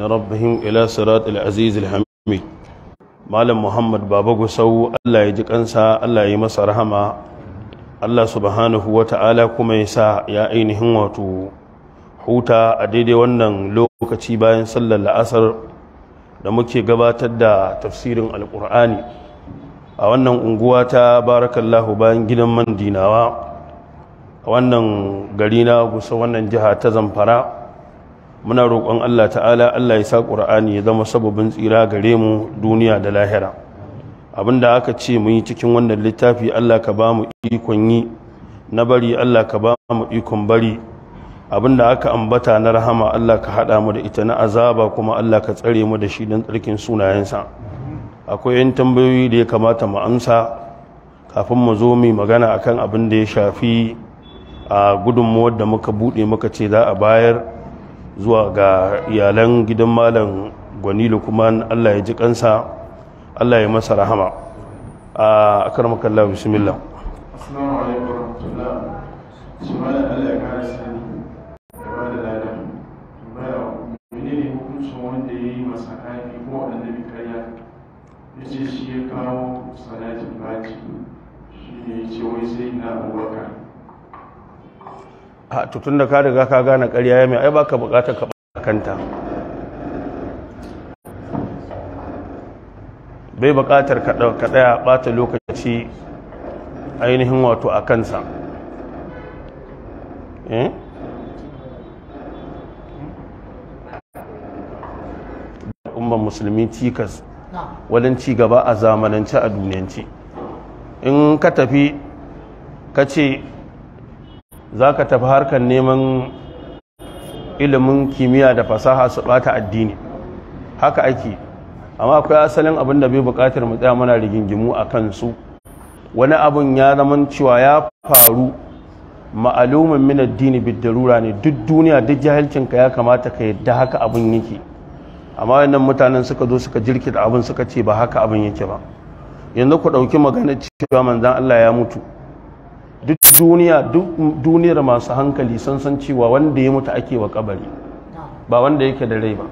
na rabbihim ila sirat al-aziz al-hamid malam muhammad baba gusau Allah ya ji kansa Allah ya masa rahama Allah subhanahu wata'ala kuma ya sa ya ainihin wato huta a daidai wannan lokaci bayan sallar la'asar da muke gabatar da tafsirin alkur'ani a wannan unguwa ta barakallahu bayan gidan mandinawa a wannan gari na gusa wannan jiha ta zamfara muna roƙon Allah ta'ala Allah ya sa ƙura'ani ya zama sababin tsira gare mu duniya da lahira abinda aka ce mu yi cikin wannan littafi Allah ka ba mu ikon yi na bari Allah ka ba mu ikon bari abinda aka ambata na rahama Allah ka haɗa mu da ita na azaba kuma Allah ka tsare mu da shi don tsarkin sunayensa akwai yan tambayoyi da ya kamata mu amsa kafin mu zo mu magana akan abin da ya shafi a gudunmuwar da muka buɗe muka ce za a bayar zuwa ga iyalan gidan malam gwani lukman allah ya ji kansa allah ya masa rahama a akarmakallah bismillah assalamu alaikum warahmatullah su malam allah ya kare sani da ba da lada baya mene ne hukuncin wanda ya yi masa haifi ko waɗanda bi karya ya shi ya kawo salatin baki shi ne ya ce wai sai na abubakar a tutun da ka riga ka gane karya ya mai ai baka bukatar ka kanta bai bukatar ka daya bata lokaci ainihin wato a kansa eh? al'ummar musulmi cikas wajen ci gaba a zamanance a duniyance in ka tafi ka ce za ka tafi harkar neman ilimin kimiyya da fasaha su bata addini haka ake amma akwai asalin abin da bai bukatar mu tsaya mana rigingimu a kansu wani abin ya zama cewa ya faru ma'alumin min addini bidarura ne duk duniya duk jahilcinka ya kamata ka yadda haka abin yake amma wannan mutanen suka zo suka jirkita abin suka ce ba haka abin yake ba yanzu ku ɗauki magana cewa manzan Allah ya mutu duniya duk duniyar masu hankali sun san cewa wanda ya mutu ake wa kabari ba wanda yake da rai ba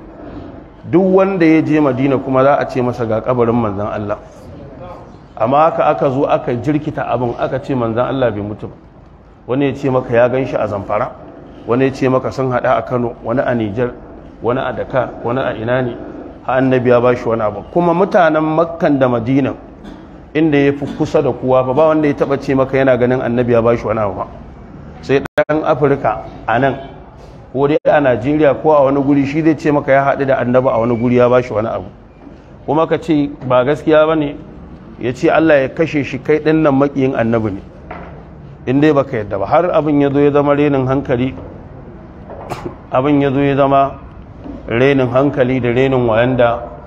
duk wanda ya je madina kuma za a ce masa ga kabarin manzan Allah amma haka aka zo aka jirkita abin aka ce manzan Allah bai mutu ba wani ya ce maka ya gan shi a zamfara wani ya ce maka sun haɗa a kano wani a nijar wani a dakar wani a inani ne annabi ya ba shi wani abu kuma mutanen makkan da madinan inda ya fi kusa da kowa ba ba wanda ya taba ce maka yana ganin annabi ya bashi wani abu sai dan afirka a nan ko dai a najeriya ko a wani guri shi zai ce maka ya haɗu da annabi a wani guri ya bashi wani abu kuma ka ce ba gaskiya ba ne ya ce allah ya kashe shi kai ɗin nan maƙiyin annabi ne in dai baka yadda ba har abin ya zo ya zama renin hankali abin ya zo ya zama renin hankali da renin wayanda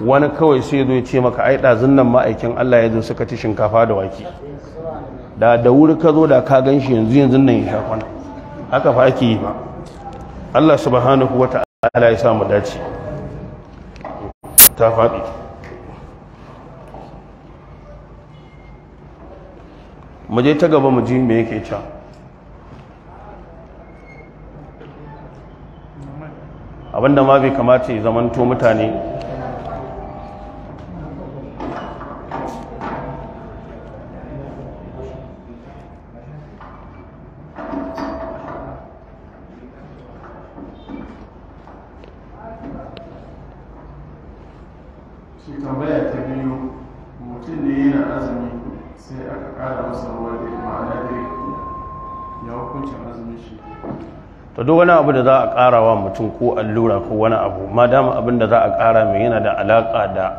wani kawai sai zo ce maka ai ɗazun nan ma'aikin Allah ya zo suka ci shinkafa da wake da da wuri ka zo da ka gan shi yanzu yanzu nan ya shafa haka fa ake yi ba Allah subhanahu wa ta'ala ya sa mu dace ta faɗi mu je ta gaba mu ji me yake can abinda ma bai kamata ya zamanto mutane to duk wani abu da za a ƙara wa mutum ko allura ko wani abu ma dama abin da za a ƙara mai yana da alaƙa da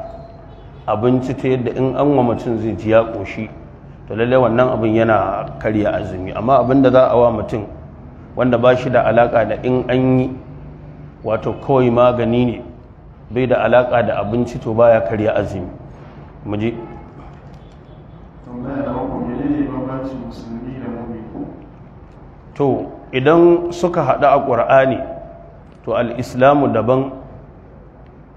abinci ta yadda in an wa mutum zai ji ya ƙoshi to lallai wannan abin yana karya azumi amma abin da za a wa mutum wanda ba shi da alaƙa da in an yi wato kawai magani ne bai da alaƙa da abinci to baya karya azumi mu je to idan suka haɗu a ƙur'ani to al'islamu daban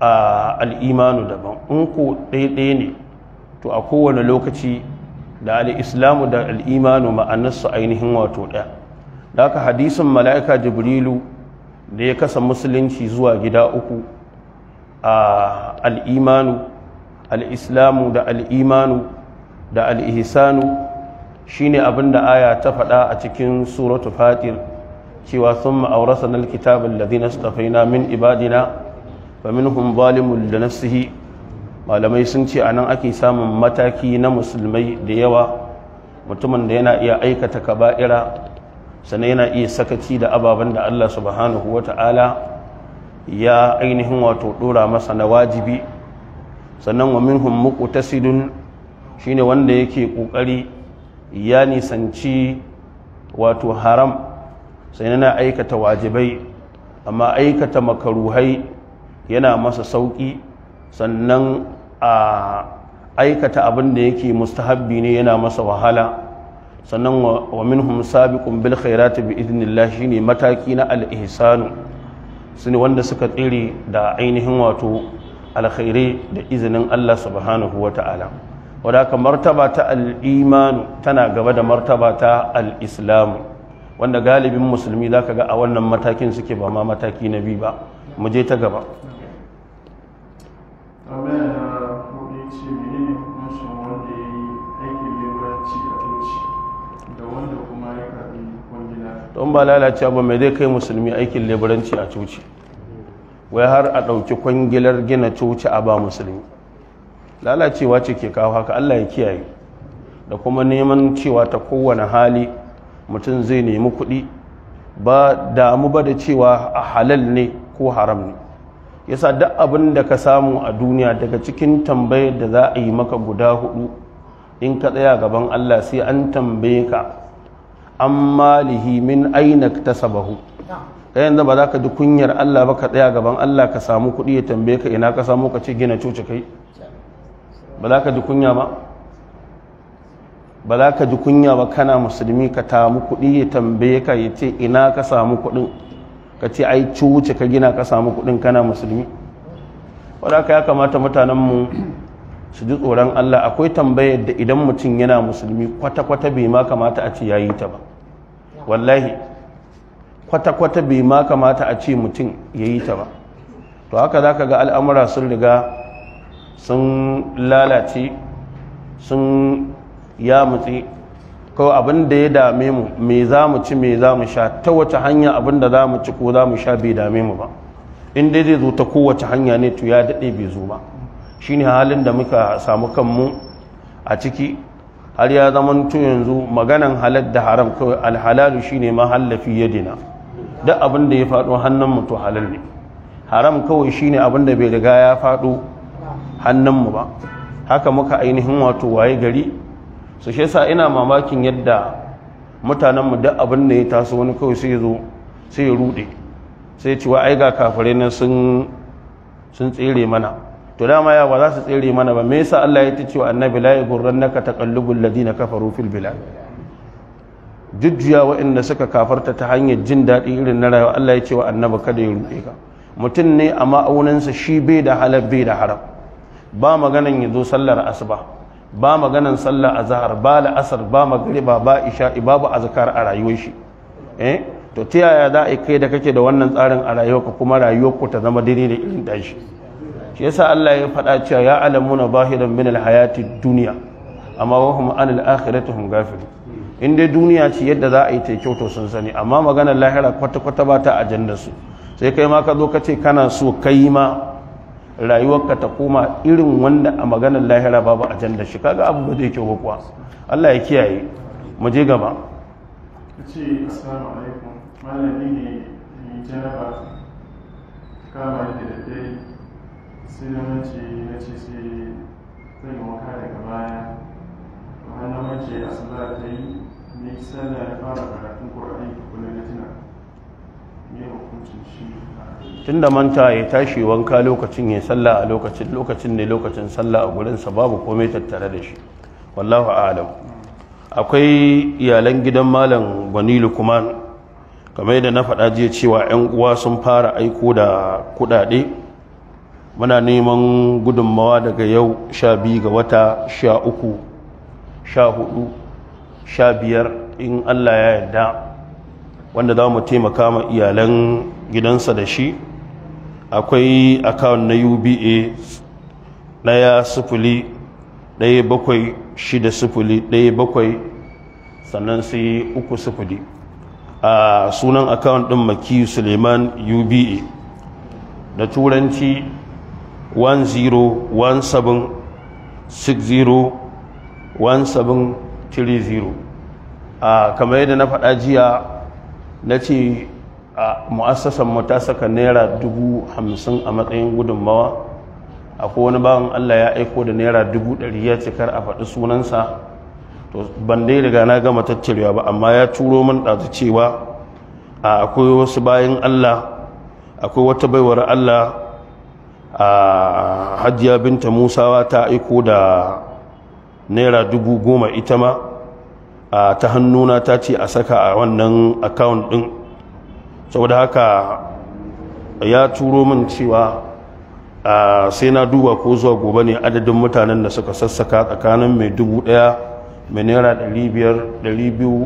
a al'imanu daban in ku ɗaiɗaya ne to a kowane lokaci da al'islamu da al'imanu ma'anarsu ainihin wato ɗaya da aka hadisin mala'ika jibrilu da ya kasa musulunci zuwa gida uku a al'imanu al'islamu da al'imanu da al'ihisanu shine abin da aya ta faɗa a cikin suratu fatir cewa sun ma'aurasa na alkitabin ladina stafaina min ibadina min minhum zalimun da nafsihi malamai sun ce a nan ake samun mataki na musulmai da yawa mutumin da yana iya aikata kaba'ira sannan yana iya sakaci da ababen da Allah subhanahu wa ta'ala ya ainihin wato ɗora masa na wajibi sannan wa min minhum shi shine wanda yake ƙoƙari ya nisanci wato haram sai yana aikata wajibai amma aikata makaruhai yana masa sauƙi sannan a aikata abin da yake mustahabbi ne yana masa wahala sannan wa minhum sabiqun bil khairati bi idnillah shine mataki na al ihsanu sune wanda suka tsire da ainihin wato alkhairi da izinin Allah subhanahu wa ta'ala wadaka martaba ta al'imanu tana gaba da martaba ta al'islamu wanda galibin musulmi za ka ga a wannan matakin suke ba ma mataki na biyu ba mu je ta gaba don ba lalacewa ba mai zai kai musulmi aikin leburanci a coci wai har a ɗauki kwangilar gina coci a ba musulmi lalacewa ce ke kawo haka Allah ya kiyaye da kuma neman cewa ta kowane hali mutum zai nemi kuɗi ba damu ba da cewa a halal ne ko haram ne yasa duk abin da ka samu a duniya daga cikin tambayar da za a yi maka guda hudu in ka tsaya gaban Allah sai an tambaye ka an malihi min aina ta sabahu yanzu ba za ka ji kunyar Allah ba ka tsaya gaban Allah ka samu kuɗi ya tambaye ka ina ka samu ka ce gina coci kai ba za ka ji kunya ba ba za ka ji kunya ba kana musulmi ka tamu kuɗi ya tambaye ka ya ce ina ka samu kuɗin ka ce ai wuce ka gina ka samu kuɗin kana musulmi ka ya kamata mutanenmu su ji tsoron Allah akwai tambaye da idan mutum yana musulmi kwata-kwata bai ma kamata a ce ya yi ta ba wallahi kwata-kwata bai ma kamata a ce mutum ya yi ta ba to haka za ka ga al'amura sun riga sun lalace sun yamutse ko abin da ya dame mu me za mu ci me za mu sha ta wace hanya abin da za mu ci ko za mu sha bai dame mu ba in dai zai zo ta kowace hanya ne to ya daɗe bai zo ba Shi ne halin da muka samu kanmu a ciki har ya zaman to yanzu maganan halal da haram kawai alhalalu shine mahallafi yadina duk abin da ya faɗo hannun mu to halal ne haram kawai shi ne abin da bai riga ya faɗo hannunmu ba haka muka ainihin wato waye gari su shi sa ina mamakin yadda mutanenmu duk abin da ya taso wani kawai sai zo sai ya rude sai ci wa aiga kafare nan sun tsere mana to dama ya ba za su tsere mana ba me yasa Allah ya ta cewa annabi la yughurrannaka taqallubul ladina kafaru fil bilad jujjuya waɗanda suka kafarta ta hanyar jin daɗi irin na rayuwa Allah ya ce wa annabi kada ya ruɗe ka mutum ne a ma'aunansa shi bai da halar bai da haram ba maganan ya zo sallar asuba ba maganan sallar Zahar, ba la'asar ba magriba ba isha'i babu azkar a rayuwar shi eh to ta yaya za a kai da kake da wannan tsarin a ka kuma rayuwarku ta zama daidai da irin dashi shi yasa Allah ya faɗa cewa ya alamuna bahiran min alhayati dunya amma wa hum anil akhirati ghafilun in dai duniya ce yadda za a yi ta kyau to sun sani amma maganar lahira kwata kwata ba ta ajandar su sai kai ma ka zo ka ce kana so kai ma rayuwarka ta koma irin wanda a maganar lahira babu a jan da shi kaga abu ba zai kyau kuwa Allah ya kiyaye mu je gaba ce assalamu alaikum malami ne ni jaraba kama da daddare sai na mace na ce sai zai yi wanka daga baya wannan mace a ta yi ni sallah ya fara karatun qur'ani tukuna na tuna tunda manta ya tashi wanka lokacin ya salla a lokacin lokacin ne lokacin salla a gurinsa babu komai tattare da shi wallahu alam akwai iyalan gidan malam gwani kuma kamar da na faɗa jiya cewa 'yan uwa sun fara aiko da kudade muna neman gudunmawa daga yau sha biyu ga wata sha uku sha hudu sha biyar in allah ya yarda wanda za mu taimaka ma iyalan gidansa da shi akwai akawun na uba ɗaya sufuli ɗaya bakwai shida sufuli ɗaya bakwai sannan sai uku sufuli a sunan akawun ɗin maki suleiman uba da turanci 1017601730 a kamar yadda na faɗa jiya na ce a mu ta saka naira dubu hamsin a matsayin gudunmawa akwai wani bawan allah ya aiko da naira dubu ɗari ya cikar a faɗi sunansa to ban dai na gama tattarewa ba amma ya turo min ɗazu cewa a akwai wasu bayan allah akwai wata baiwar allah a hajiya binta musawa ta aiko da naira dubu goma ita ma ta hannuna ta ce a saka a wannan account din saboda haka ya turo min cewa sai na duba ko zuwa gobe ne adadin mutanen da suka sassaka tsakanin mai dubu daya mai naira dari biyar dari biyu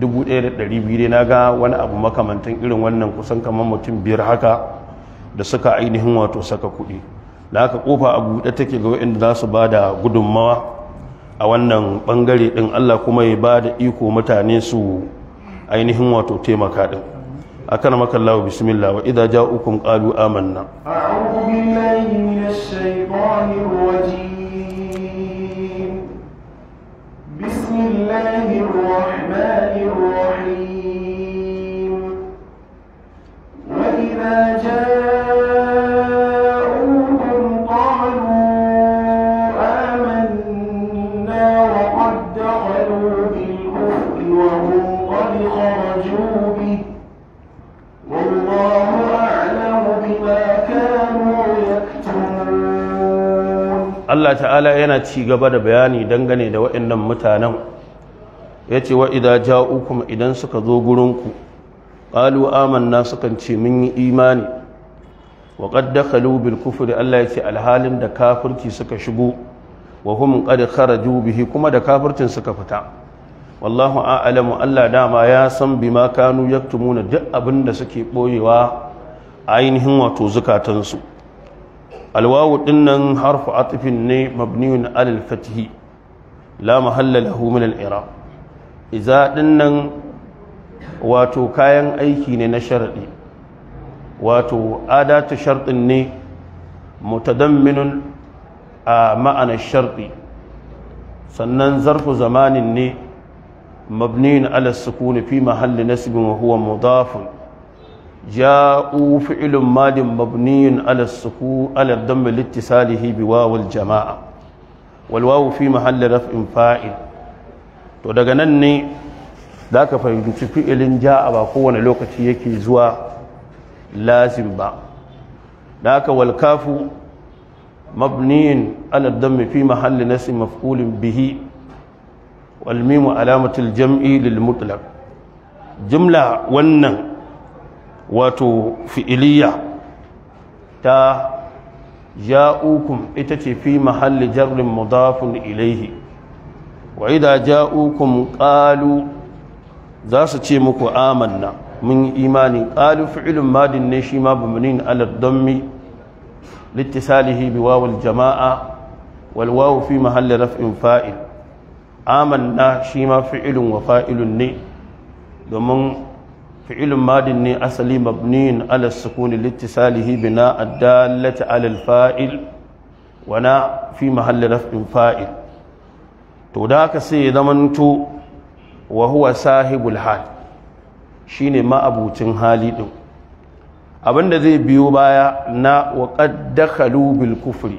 dubu daya da dari biyu na ga wani abu makamantan irin wannan kusan kamar mutum biyar haka da suka ainihin wato saka kuɗi da haka kofa a buɗe take ga waɗanda za su ba da gudunmawa a wannan bangare din Allah kuma ya ba da iko mutane su ainihin wato taimaka din a akan makallahu bismillah wa idza ja'ukum qalu amanna a'udhu billahi minash shaitanir rajim bismillahir rahmanir rahim wa idza ja'a Allah ta'ala yana ci gaba da bayani dangane da waɗannan mutanen ya ce wa idan ja'ukum idan suka zo gurinku ƙalu amanna sukan ce mun yi imani wa qad dakhalu bil kufri Allah ya ce alhalin da kafirci suka shigo wa hum qad kharaju bihi kuma da kafircin suka fita wallahu a'lamu Allah dama ya san bima kanu tumuna duk abin da suke boyewa ainihin wato zukatansu alwawu dinnan harfu atfin ne mabniyun alal fathi la mahalla lahu min al i'rab idza dinnan wato kayan aiki ne na sharadi wato adatu shartin ne mutadamminun a ma'anar sharti sannan zarfu zamanin ne mabniyun ala sukuni fi mahalli nasibin wa huwa mudafun ja'u fi'ilun madin mabniyun ala suku ala littisalihi bi wawul jama'a wal wawu fi mahalli raf'in fa'il to daga nan ne za ka fahimci fi'ilin ja'a ba kowane lokaci yake zuwa lazim ba da haka wal kafu mabniyin ala dammi fi mahalli nasi maf'ulin bihi wal mimu alamatul jam'i lil mutlaq jumla wannan wato fi'iliya ta ja'ukum ita ce fi mahalli jarrin mudafun ilaihi wa idza ja'ukum ƙalu za su ce muku amanna mun imani ƙalu fi'ilun madin ne shi ma bumunin ala dammi litisalihi bi wawil jama'a walwawu fi mahalli raf'in fa'il amanna shi ma fi'lun wa fa'ilun ne domin fi'ilun madin ne asali mabniyin ala sukuni littisalihi bina addalata ala alfa'il wana fi mahalli raf'in fa'il to da haka sai ya zamanto wa huwa sahibul hal shine ma'abucin hali Abin da zai biyo baya na wa qad bil kufri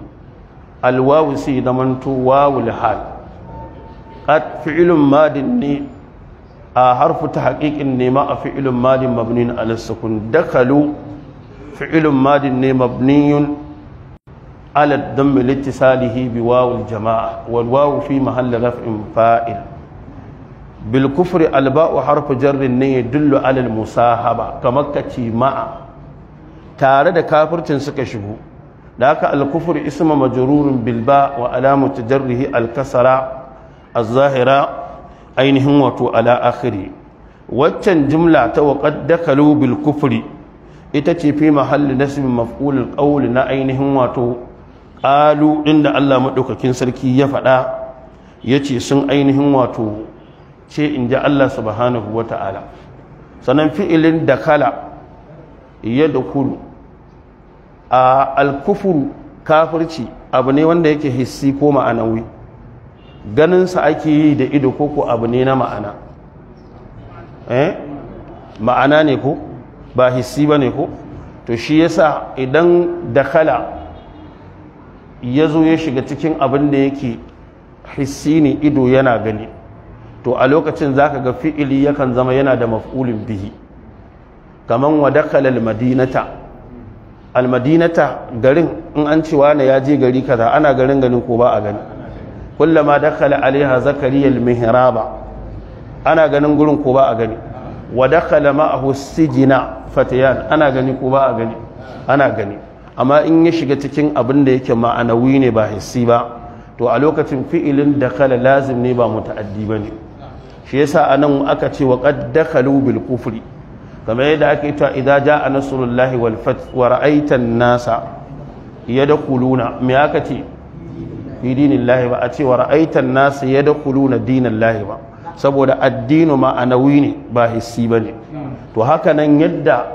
alwawu sai zamanto wawul hal qad fi'ilun madin ne a harfu ta haƙiƙin nema a fi'ilun madin mabnin alasukun dakalu fi'ilun madin ne mabniyun alad don militi salihi bi wawul jama'a walwawu fi mahalla raf'in fa'il bil kufri alba'u harfu jarrin ne dullu alal musahaba kamar ka ci ma'a tare da kafircin suka shigo da al alkufur isma majrurun bilba wa alamatu jarrihi alkasara az-zahira ainihin wato ala akhiri waccan jumla ta waqad dakalu bil kufri ita ce fi mahalli nasbin maf'ul al na ainihin wato qalu inda Allah madaukakin sarki ya faɗa yace sun ainihin wato ce in Allah subhanahu wata'ala sanan fi'ilin dakala ya dakulu a al kufru kafirci abu ne wanda yake hissi ko ma'anawi ganinsa ake yi da ido ko ko abu ne na ma'ana eh ma'ana ne ko ba hissi ba ne ko to shi yasa idan dakala ya zo ya shiga cikin abin da yake hissi ne ido yana gani to a lokacin za ka ga fi'ili yakan zama yana da maf'ulin bihi kamar wa dakala almadinata almadinata garin in an cewa na ya je gari kaza ana garin ganin ko ba a gani kullama dakhala alaiha zakariya al ana ganin gurin ko ba a gani wa dakhala ma'ahu sijina fatayan ana gani ko ba a gani ana gani amma in ya shiga cikin abin da yake ma'anawi ne ba hissi ba to a lokacin fi'ilin dakhala lazim ne ba muta'addi bane shi yasa anan aka ce wa qad dakhalu bil kufri kamar yadda ake ta idza jaa nasrullahi wal fath wa ra'aita an-nasa yadkhuluna me aka ce fi lahi ba a cewa ra'aitan nasu dinin lahi ba saboda addinu nauyi ne ba hissi bane to haka nan yadda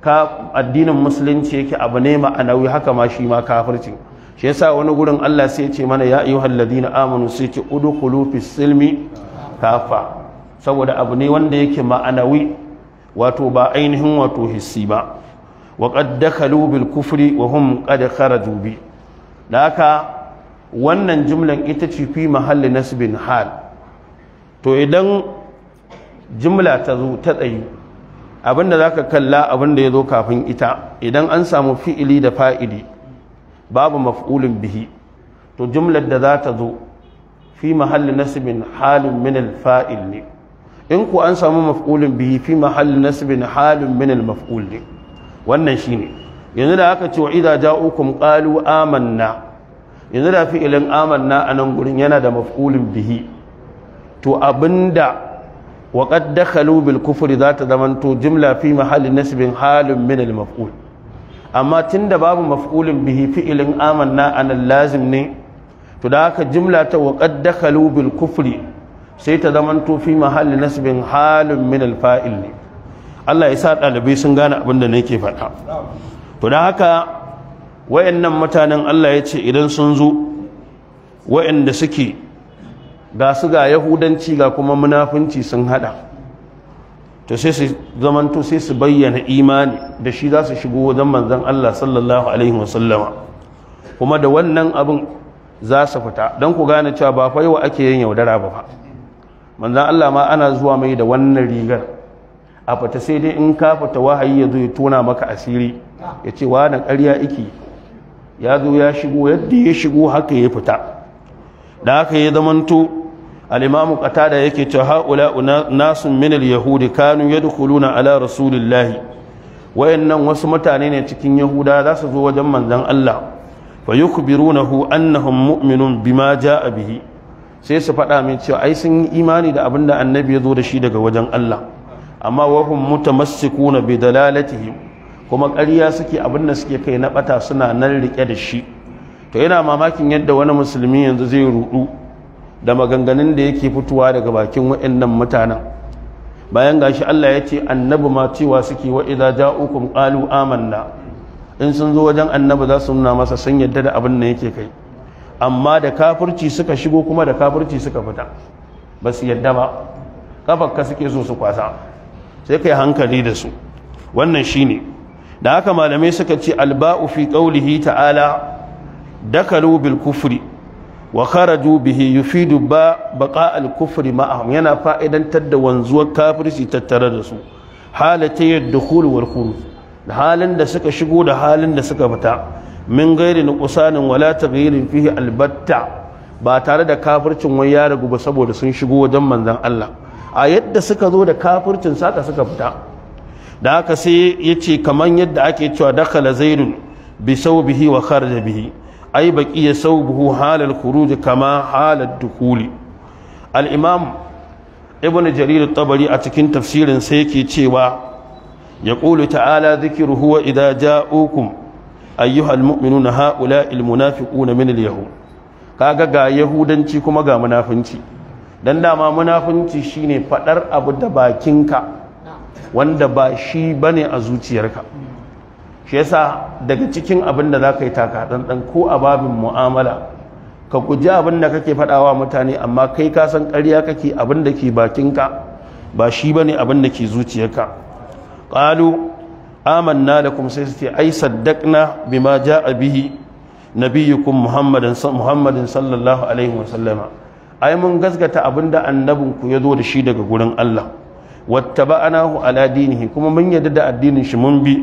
ka addinin musulunci yake abu ne nauyi haka ma shi ma kafirci shi yasa wani gurin Allah sai ce mana ya halladi na amanu sai ce kulu fi silmi kafa saboda abu ne wanda yake nauyi wato ba ainihin wato hissi ba wa qad bil kufri wa hum qad kara dubi da haka wannan jumlan ita ce fi mahalli nasibin hal to idan jumla ta zo ta tsayi abinda ka kalla abinda ya zo kafin ita idan an samu fi'ili da fa'ili babu maf'ulun bihi to jumlar da za ta zo fi mahalli nasibin halin min al-fa'il ne in ku an samu maf'ulun bihi fi mahalli nasibin halin min al-maf'ul ne wannan shine yanzu da aka ce wa idza ja'ukum qalu amanna yanzu da fi'ilin amanna a nan gurin yana da maf'ulin bihi to abinda wa qad bil kufri zata zamanto jumla fi mahalli nasbin halin min al maf'ul amma tunda babu maf'ulin bihi fi'ilin amanna anan lazim ne to da haka jumla ta wa qad bil kufri sai ta zamanto fi mahalli nasbin halin min al fa'il ne Allah ya sa ɗalibai sun gane abin da nake faɗa to da haka wayannan mutanen Allah ya ce idan sun zo wayanda suke ga su ga yahudanci ga kuma munafunci sun hada to sai su zamanto sai su bayyana imani da shi za su shigo wajen manzon Allah sallallahu alaihi wasallama kuma da wannan abin za su fita don ku gane cewa ba fai wa ake yin yaudara ba fa manzon Allah ma ana zuwa mai da wannan rigar a fita sai dai in ka fita wahayi ya zo ya tona maka asiri ya ce wa na ƙarya iki ya zo ya shigo yadda ya shigo haka ya fita da haka ya zamanto al-imamu qatada yake cewa haula nasun min al-yahudi kanu yadkhuluna ala rasulillahi wayannan wasu mutane ne cikin yahuda za su zo wajen manzon Allah fa yukbirunahu annahum mu'minun bima jaa bihi sai su faɗa min cewa ai sun yi imani da abinda annabi ya zo da shi daga wajen Allah amma wahum mutamassikuna bi dalalatihim kuma ƙarya suke abin suke kai na ɓata suna nan riƙe da shi to yana mamakin yadda wani musulmi yanzu zai ruɗu. da maganganun da yake fitowa daga bakin waɗannan mutanen bayan gashi Allah ya ce annabi ma cewa suke wa idza ja'ukum qalu amanna in sun zo wajen annabi za su nuna masa sun yadda da abin da yake kai amma da kafirci suka shigo kuma da kafirci suka fita ba su yadda ba kafarka suke so su kwasa sai kai hankali da su wannan shine da haka malamai suka ce alba'u fi qaulihi ta'ala dakalu bil kufri wa kharaju bihi yufidu ba al kufri ma'ahum yana fa'idantar da wanzuwar kafirci tattare da su halatay ad-dukhul wal khuruj halin da suka shigo da halin da suka fita min gairi nuqsanin wala taghyirin fihi albatta ba tare da kafircin wani ya ragu ba saboda sun shigo wajen manzon Allah a yadda suka zo da kafircin saka suka fita da haka sai ya ce kamar yadda ake cewa dakala zaidun bi saubihi wa kharaja bihi ai baqiya saubuhu halal khuruj kama halar dukuli al-imam ibn jarir tabari a cikin tafsirin sai yake cewa yaqulu ta'ala dhikruhu wa idza ja'ukum ayyuha al-mu'minuna ha'ula al-munafiquna min al-yahud kaga ga yahudanci kuma ga munafinci dan dama munafinci shine fadar abu da bakinka wanda ba shi bane a zuciyarka shi yasa daga cikin abin da za ka yi taka dan ko a babin mu'amala ka guji abin da kake faɗawa mutane amma kai ka san ƙarya kake abin da ke bakinka ba shi bane abin da ke zuciyarka ƙalu amanna da kuma sai su ce ai ma bima a bihi biyu muhammadin muhammadin sallallahu alaihi wasallama ai mun gaskata da annabinku ya zo da shi daga gurin Allah wattaba'anahu ala dinihi kuma mun yadda da addinin shi mun bi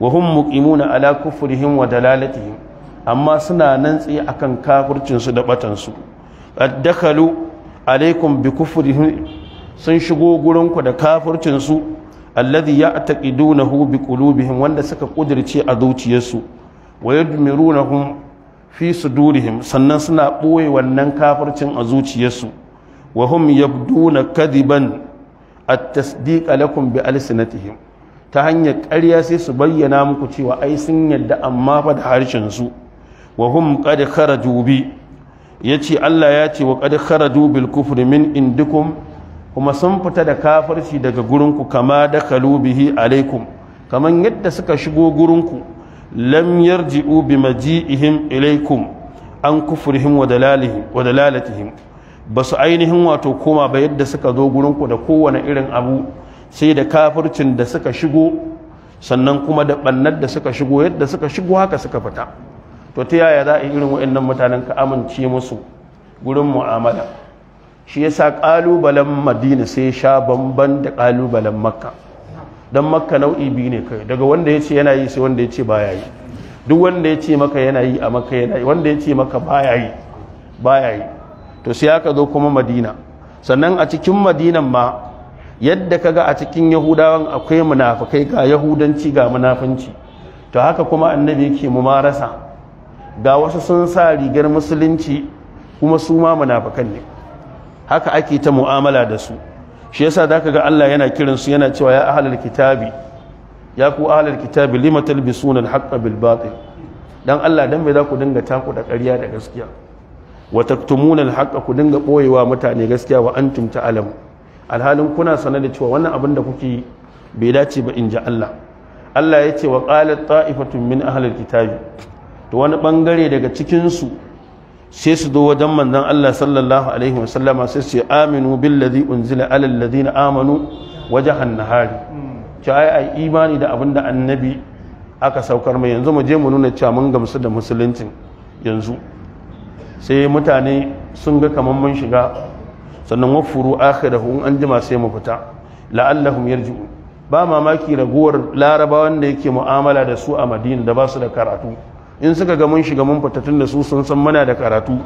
wa hum muqimuna ala kufrihim wa dalalatihim amma suna nan tsaye akan kafircin su da batan su addakalu alaikum bi kufrihim sun shigo gurin ku da kafircin su alladhi ya'taqidunahu bi qulubihim wanda suka kudirce a zuciyarsu wa yadmirunahum fi sudurihim sannan suna ɓoye wannan kafircin a zuciyarsu wa hum yabduna kadiban at-tasdiq lakum bi alsinatihim ta hanyar karya sai su bayyana muku cewa ai sun yadda amma fa da harshen su wa hum qad kharaju bi yace Allah ya ce wa qad kharaju bil kufri min indikum kuma sun fita da kafirci daga gurinku kama da kalubihi alaikum kaman yadda suka shigo gurinku lam yarji'u bi maji'ihim ilaikum an kufrihim wa dalalihim wa dalalatihim ba su ainihin wato koma ba yadda suka zo gurinku da kowane irin abu sai da kafircin da suka shigo sannan kuma da ɓannar da suka shigo yadda suka shigo haka suka fita to ta yaya za a yi irin nan mutanen ka amince musu gurin mu'amala shi yasa ƙalubalen madina sai sha bamban da ƙalubalen makka don makka nau'i biyu ne kai daga wanda ya ce yana yi sai wanda ya ce baya yi duk wanda ya ce maka yana yi a maka yana yi wanda ya ce maka baya yi yi to sai aka zo kuma madina sannan a cikin madinan ma yadda kaga a cikin yahudawan akwai munafikai ga yahudanci ga munafunci to haka kuma annabi yake mumarasa ga wasu sun sa rigar musulunci kuma su ma munafikan ne haka ake ta mu'amala da su shi yasa zaka ga Allah yana kiran su yana cewa ya ahlul kitabi ya ku ahlul kitabi lima alhaqqa bilbatil dan Allah dan me za ku dinga taku da ƙarya da gaskiya wa taktumuna alhaqa ku dinga boyewa mutane gaskiya wa antum ta'lamu alhalin kuna sanar da cewa wannan abin da kuke bai dace ba in ji Allah Allah ya ce wa qalat ta'ifatun min ahli alkitabi to wani bangare daga cikin su sai su zo wajen manzon Allah sallallahu alaihi wasallama sai su aminu billadhi unzila ala alladhina amanu wajhan nahari ta ai imani da abinda annabi aka saukar mai yanzu mu je mu nuna cewa mun gamsu da musuluncin yanzu sai mutane sun ga kamar mun shiga sannan wafuru akhira hun an jima sai mu fita la'allahum yarji'u ba mamaki raguwar laraba wanda yake mu'amala da su a madina da basu da karatu in suka ga mun shiga mun fita tun da su sun san muna da karatu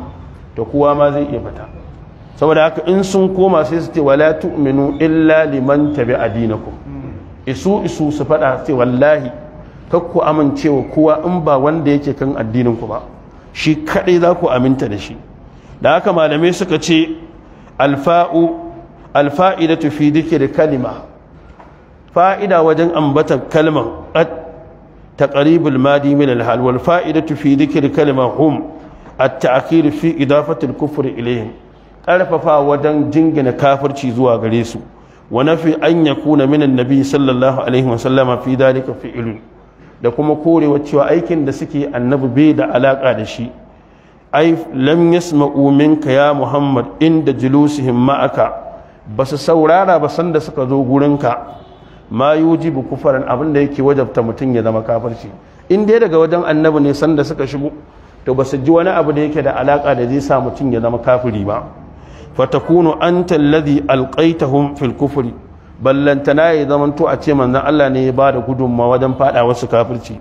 to kowa ma zai iya fita saboda haka in sun koma sai su ce wala tu'minu illa liman tabi'a dinakum isu isu su fada sai wallahi kakku amincewa kowa in ba wanda yake kan addinin ku ba shi kaɗai za ku aminta da shi da haka malamai suka ce alfa'u alfa'ida tufi kalima fa'ida wajen ambatar kalmar ta ƙaribul madi min alhal wal fa'ida tufi duke hum a ta'akir fi idafatul kufur ilayhim ƙarfafa wajen jingina kafirci zuwa gare su wa nafi an yakuna min annabi sallallahu alaihi wa sallama fi dalika fi'ilu da kuma korewa cewa aikin da suke annabi bai da alaka da shi ai lam yasma'u minka ya muhammad inda julusihim ma'aka su saurara ba san da suka zo gurinka ma bu kufaran abin da yake wajabta mutum ya zama kafirci in dai daga wajen annabi ne san da suka shigo to ba su ji wani abu da yake da alaka da zai sa mutum ya zama kafiri ba fatakunu anta alladhi alqaitahum fil kufri ballantana ya zamanto a ce manzon Allah ne ya ba da gudunma wajen fada wasu kafirci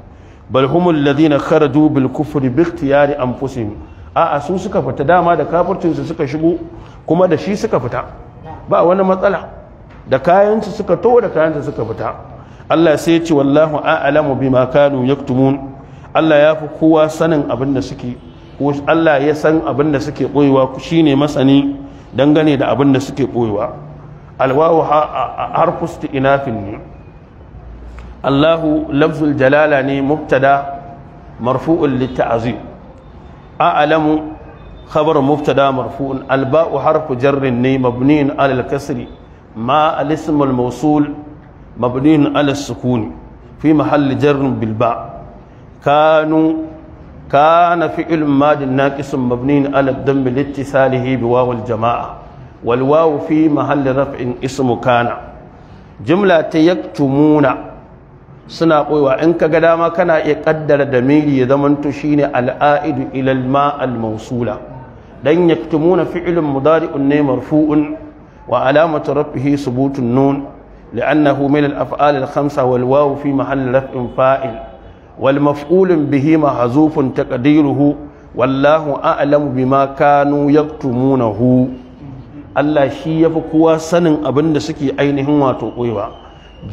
bal humul ladina kharaju bil kufri bi ikhtiyari anfusihim a'a su suka fita dama da kafircin su suka shigo kuma da shi suka fita ba wani matsala da kayan su suka to da kayan su suka fita Allah sai ya ce wallahu a'lamu bima kanu yaktumun Allah ya fi kowa sanin abin da suke Allah ya san abin da suke koyewa shine masani dangane da abin da suke koyewa alwawu harkus ti inafin ne allahu lafzul jalala ne muftada marfu'un littazi a alamu khabar muftada marfu'un alba'u harku jarrin ne mabnin alal kasri ma alismul mausul mabnin alal sukuni fi mahalli jarrin bilba kanu kana fi ilmadin naqisun mabnin alal dambe littisalihi biwawal jama'a والواو في محل رفع اسم كان جملة يكتمون سنا قوي إن كدا ما كان يقدر دميري يضمن تشين العائد إلى الماء الموصولة لن يكتمون فعل مضارع مرفوع وعلامة ربه ثبوت النون لأنه من الأفعال الخمسة والواو في محل رفع فاعل والمفعول به محذوف تقديره والله أعلم بما كانوا يكتمونه Allah shi ya fi kowa sanin abin da suke ainihin wato ƙwaiwa.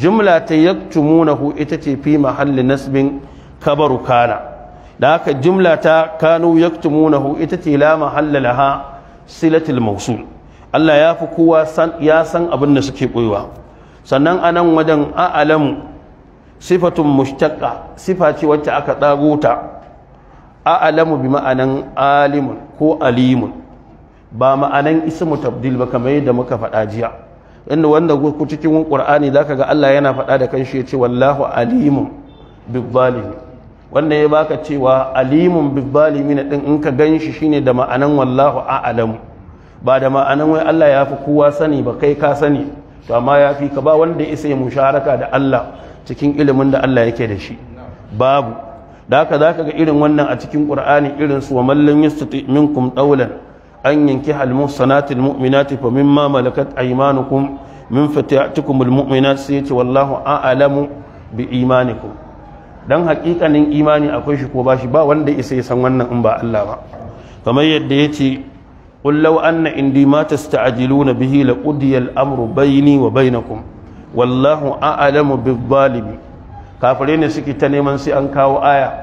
jumla ta yaktumunahu ita ce fi mahalli nasbin kabaru kana da haka jumla ta kanu yaktumunahu ita ce la mahalla laha silatul mawsul Allah ya fi kowa san ya san abin da suke ƙwaiwa. sannan anan wajen a'lamu sifatun mushtaqqa sifa ce wacce aka dago ta a'lamu bi ma'anan alimun ko alimun ba ma'anan ismu tabdil ba kamar yadda muka faɗa jiya inda wanda ku cikin za zaka ga Allah yana faɗa da kanshi ce wallahu alimun bibbali. wanda ya baka cewa alimun na ɗin in ka gan shi shine da ma'anan wallahu alamu. ba da ma'anan wai Allah ya fi kowa sani ba kai ka sani to amma ya fi ka ba wanda isa ya musharaka da Allah cikin ilimin da Allah yake da shi babu da haka zaka ga irin wannan a cikin Kur'ani irin su wa mallin yastati minkum dawlan an yanki halmun sanatul mu'minati fa mimma malakat aymanukum min fatiatikumul mu'minat sayati wallahu a'lamu bi imanikum dan haqiqanin imani akwai shi ko bashi ba wanda isa san wannan in ba Allah ba kamar yadda yace qul law anna indi ma tasta'jiluna bihi laqudiya al'amru bayni wa bainakum wallahu a'lamu bil zalimi kafare ne suke ta neman sai an kawo aya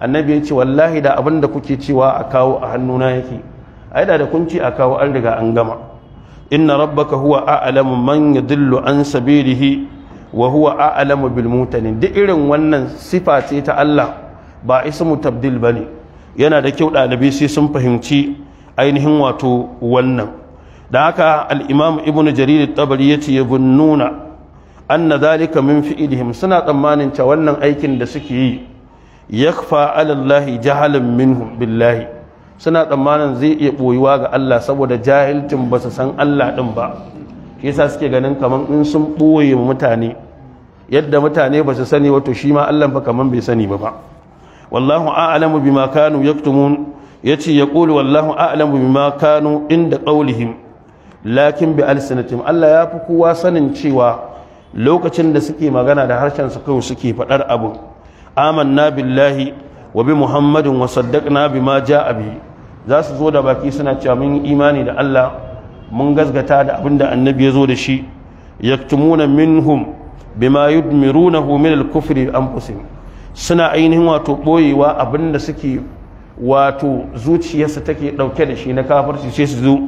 annabi yace wallahi da abinda kuke cewa a kawo a hannuna yake ai da kun ci a kawo an riga an gama inna rabbaka huwa a'lamu man yadullu an sabilihi wa huwa a'lamu bil mutanin duk irin wannan sifa ce ta Allah ba ismu tabdil bane yana da kyau ɗalibi sai sun fahimci ainihin wato wannan da haka al-imam ibnu jarir at-tabari yace yabunnuna anna dhalika min fi'lihim suna tsammanin ta wannan aikin da suke yi yakfa ala Allah jahalan minhum billahi suna tsammanin zai iya boyuwa ga Allah saboda jahiltin ba su san Allah ɗin ba shi suke ganin kamar in sun ɓoye mutane yadda mutane ba su sani wato shi ma Allah fa kamar bai sani ba ba wallahu a'lamu bima kanu yaktumun yace yaqulu wallahu a'lamu bima kanu inda qawlihim lakin bi alsinatim Allah ya fi kowa sanin cewa lokacin da suke magana da harshen su suke faɗar abu amanna billahi wa bi muhammadin wa saddaqna bima ja'a bihi za su zo da baki suna cewa mun imani da Allah mun gazgata da abin da annabi ya zo da shi yaktumuna minhum bima yudmirunahu min al-kufri anfusihim suna ainihin wato boyewa abin da suke wato zuciyarsa take dauke da shi na kafirci sai su zo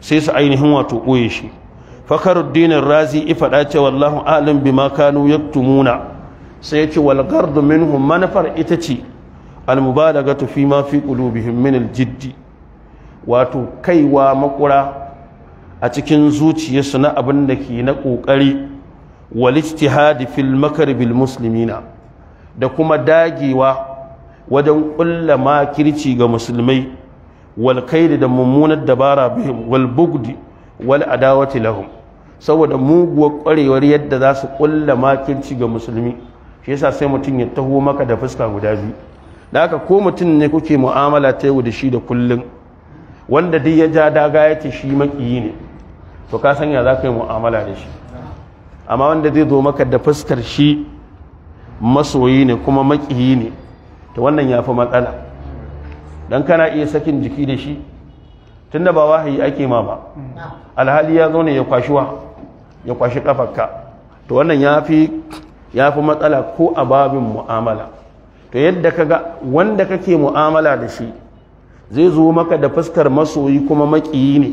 sai su ainihin wato boye shi fakaruddin razi ifada ce wallahu alim bima kanu yaktumuna sai ya ce wal gardu minhum manafar ita ce almubalaghatu fi ma fi qulubihim min wato kaiwa makura a cikin zuciyarsu na abin da ke na kokari wal ijtihad fil makr bil da kuma dagewa wajen kulla makirci ga musulmai wal da mummunar dabara bihim wal bugdi wal adawati lahum saboda muguwar kwarewar yadda za su kulla makirci ga musulmi shi yasa sai mutum ya taho maka da fuska guda biyu da haka ko mutum ne kuke mu'amala ta yau da shi da kullum wanda duk ya ja daga ya ce shi maƙiyi ne to ka sanya za ka yi mu'amala da shi amma wanda zai zo maka da fuskar shi masoyi ne kuma maƙiyi ne to wannan ya fi matsala don kana iya sakin jiki da shi tun da ba wahayi ake ma ba alhali ya zo ne ya kwashi wa ya kwashi kafarka to wannan ya fi matsala ko a babin mu'amala to yadda ka ga wanda kake mu'amala da shi zai zo maka da fuskar masoyi kuma maƙiyi ne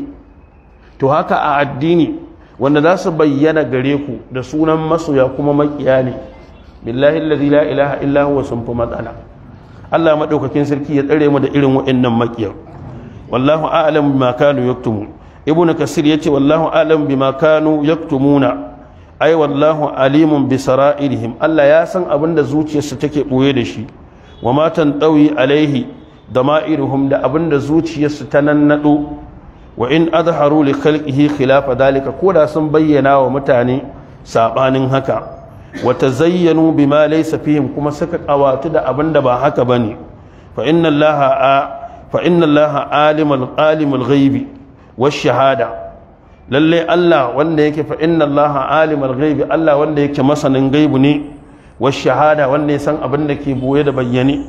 to haka a addini wanda za su bayyana gare ku da sunan masoya kuma makiya ne billahi lalzi la ilaha sun fi matsala Allah maɗaukakin sarki ya tsare mu da irin waɗannan makiya wallahu a'lam bima kanu yaktumu ibnu kasir ya yace wallahu a'lam bima kanu yaktumuna ai wallahu alimun bi sara'irihim Allah ya san abin da zuciyarsu take boye da shi wa ma tantawi alaihi dama'iruhum da abin da zuciyarsu ta nannado wa in azharu li khalqihi khilafa dalika ko da sun bayyana wa mutane sabanin haka wa tazayyanu bima laysa fihim kuma suka kawatu da abin da ba haka bane fa inna allaha fa inna allaha alimul alimul ghaibi wash shahada Lallai Allah wanda yake fa inna Allah alimul ghaibi Allah wanda yake masanin gaibu ne wa shahada wanda ya san abin da ke boye da bayyane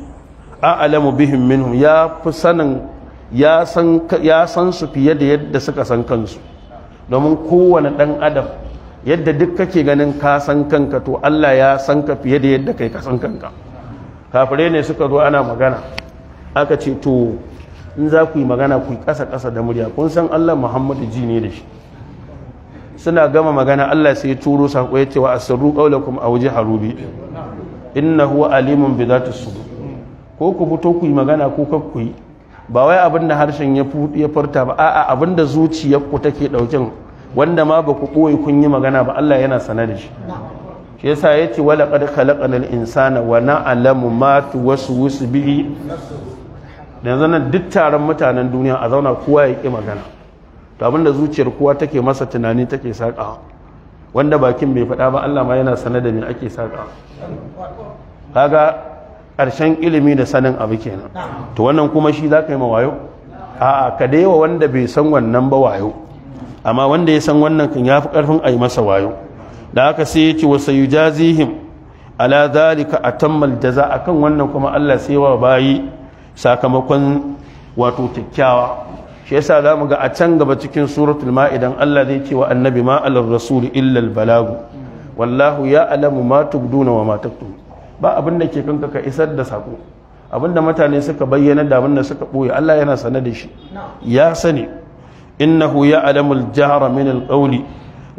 a'lamu bihim minhum ya fi sanin ya san ya san su fiye da yadda suka san kansu domin kowane dan adam yadda duk kake ganin ka san kanka to Allah ya san ka fiye da yadda kai ka san kanka Kafire ne suka zo ana magana aka ce to in za ku yi magana ku yi ƙasa-ƙasa da murya kun san Allah Muhammadu ji ne da shi suna gama magana Allah sai ya turo sako ya ce wa asirru qawlakum a jaharu harubi innahu alimun bi zati sudur ko ku fito ku yi magana ko kar ku yi ba wai abin da harshen ya ya furta ba a'a abin da zuciyar ku take daukin wanda ma ba ku koyi kun yi magana ba Allah yana sana da shi shi yasa yace wa laqad khalaqnal insana wa na'lamu ma tuwaswisu bihi yanzu nan duk taron mutanen duniya a zauna kowa ya ki magana to abinda zuciyar kowa take masa tunani take saƙa wanda bakin bai faɗa ba Allah ma yana sanar da me ake saƙa kaga ƙarshen ilimi da sanin abu kenan to wannan kuma shi za ka yi mawayo a'a ka daiwa wanda bai san wannan ba wayo amma wanda ya san wannan kan yafi ƙarfin a yi masa wayo da haka sai ya ce wasu yujazihim ala zalika atammal jaza akan wannan kuma Allah sai wa bayi sakamakon wato kyakkyawa shi yasa za mu ga a can gaba cikin suratul ma'idan Allah zai ce wa annabi ma alal rasul illa al balagu wallahu ya alamu ma tubduna wa ma taktum ba abin da ke kanka ka isar da sako abin da mutane suka bayyana da abin da suka boye Allah yana sane da shi ya sani innahu ya alamu al jahra min al qawli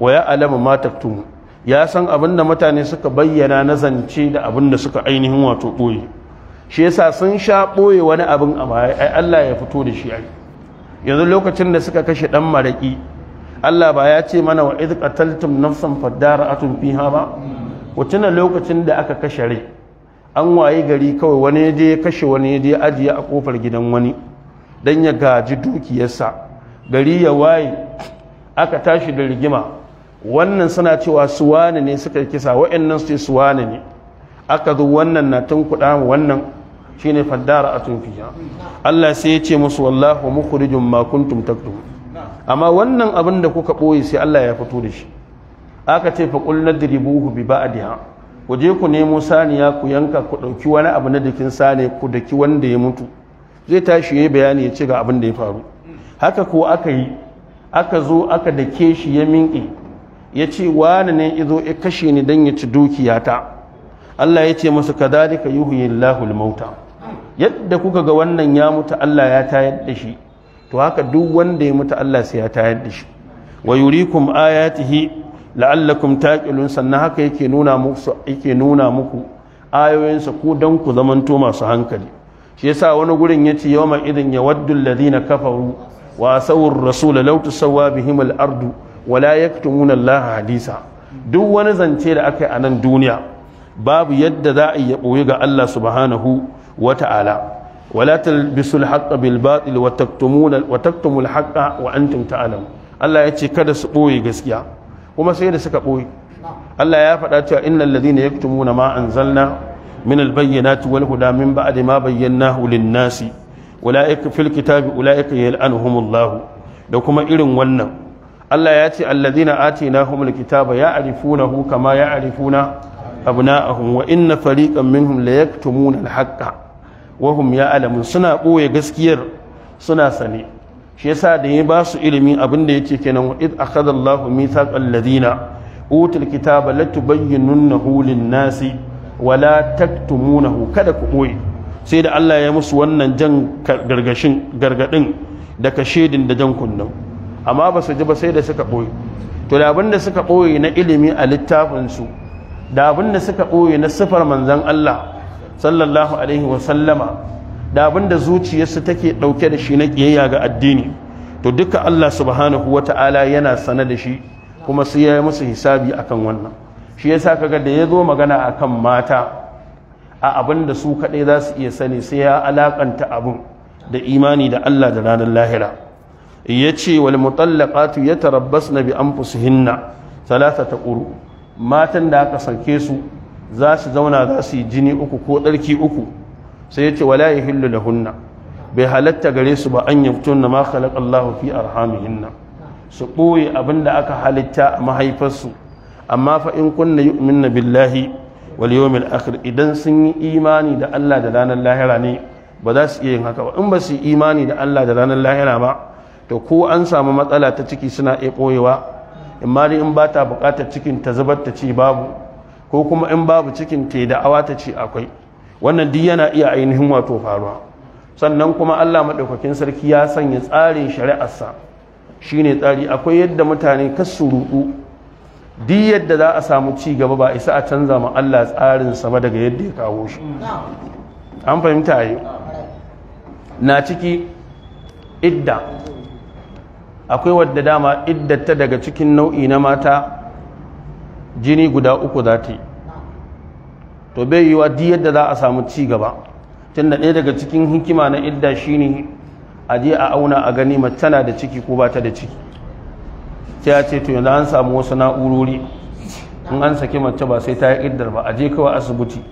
wa ya alamu ma taktum ya san abin da mutane suka bayyana na zance da abin da suka ainihin wato boye shi yasa sun sha boye wani abin a baya ai Allah ya fito da shi ai yanzu lokacin da suka kashe ɗan maraki Allah ba ya ce mana wa idh qataltum nafsan fadara'atun fiha ba wacin lokacin da aka kashe rai an waye gari kawai wani je kashe wani je ajiye a kofar gidan wani dan ya gaji dukiyarsa gari ya waye aka tashi da rigima wannan suna cewa suwane ne suka kisa wa'annan su suwane ne aka zo wannan na tun kuɗa wannan shine faddara a tunfiya Allah sai ya ce musu wallahu mukhrijum ma kuntum taktum amma wannan abin da kuka ɓoye sai Allah ya fito da shi aka ce fa qul nadribuhu bi ba'diha ku je ku nemo saniya ku yanka ku ɗauki wani abu na jikin sane ku daki wanda ya mutu zai tashi yayi bayani ya ce ga abin da ya faru haka ko aka yi aka zo aka dake shi ya minƙe ya ce wani ne izo ya kashe ni don ya ci dukiyata Allah ya ce masu kadhalika yuhyi Allahul mauta yadda kuka ga wannan ya mutu Allah ya tayar da shi to haka duk wanda ya mutu Allah sai ya tayar da shi wa yurikum ayatihi la'allakum taqilun sannan haka yake nuna muku yake nuna muku ayoyinsa ko dan ku zamanto masu hankali shi yasa wani gurin yace yawma idin yawaddu alladhina kafaru wa sawur rasul law tusawwa bihim al-ardu wa la yaktumuna Allah hadisa duk wani zance da aka yi a nan duniya babu yadda za a yi ya ga Allah subhanahu wata'ala wala talbisul haqqa bil batil wa taktumuna wa taktumul haqqa Allah ya ce kada su ɓoye gaskiya kuma sai da suka ɓoye Allah ya faɗa cewa innal ladhina yaktumuna ma anzalna min al bayyinati wal huda min ba'di ma bayyanahu lin nasi ulaika fil kitabi ulaika yal'anuhumullah da kuma irin wannan Allah ya ce alladhina atinahumul kitaba ya'rifunahu kama ya'rifuna abna'ahum wa inna fariqan minhum la yaktumuna al haqqa wahum ya alamun suna ɓoye gaskiyar suna sane shi yasa da ya ba su ilimi abin da ce kenan wa id akhadha Allahu mithaqal ladina utul kitaba latubayyinunahu lin-nasi wala taktumunahu kada ku ɓoye sai da Allah ya musu wannan jan gargashin gargadin da kashedin da jan kunnan amma ba su ji ba sai da suka ɓoye to da abin da suka ɓoye na ilimi a littafin su da abin da suka ɓoye na sifar manzon Allah sallallahu alaihi wasallama da abinda zuciyarsu take dauke da shi na kiyayya ga addini to duka Allah subhanahu wata'ala yana sana da shi kuma sai ya yi musu hisabi akan wannan shi yasa kaga da ya zo magana akan mata a abin da su kaɗai za su iya sani sai ya alakanta abin da imani da Allah da ranar lahira ya ce wal mutallaqatu yatarabbasna bi anfusihinna thalathata quru matan da aka sauke su za su zauna za su yi jini uku ko tsarki uku sai ya ce wala ya da hunna. bai halatta gare su ba an yabtun na ma fi Allahu fi nan. su ɓoye abin da aka halitta a mahaifarsu amma fa in kunna yu'minna billahi wal yawmil akhir idan sun yi imani da Allah da ranar lahira ne ba za su iya yin haka ba in ba su yi imani da Allah da ranar lahira ba to ko an samu matsala ta ciki suna iya ɓoyewa amma dai in ba ta buƙatar cikin ta zubar ta ce babu ko kuma in babu cikin te da awa ta ce akwai wannan duk yana iya ainihin wato faruwa sannan kuma Allah madaukakin sarki ya sanya tsarin shari'arsa shine tsari akwai yadda mutane kasu ruɗu duk yadda za a samu ci gaba ba isa a canza ma Allah tsarin sama daga yadda ya kawo shi an fahimta yi na ciki idda akwai wadda dama iddata daga cikin nau'i na mata jini guda uku za ta yi to bai wa duk yadda za a samu ci gaba tun da ɗaya daga cikin hikima na idda shine a je a auna a gani mace tana da ciki ko ba ta da ciki sai ya ce to yanzu an samu wasu na'urori in an saki mace ba sai ta yi iddar ba a je kawai asibiti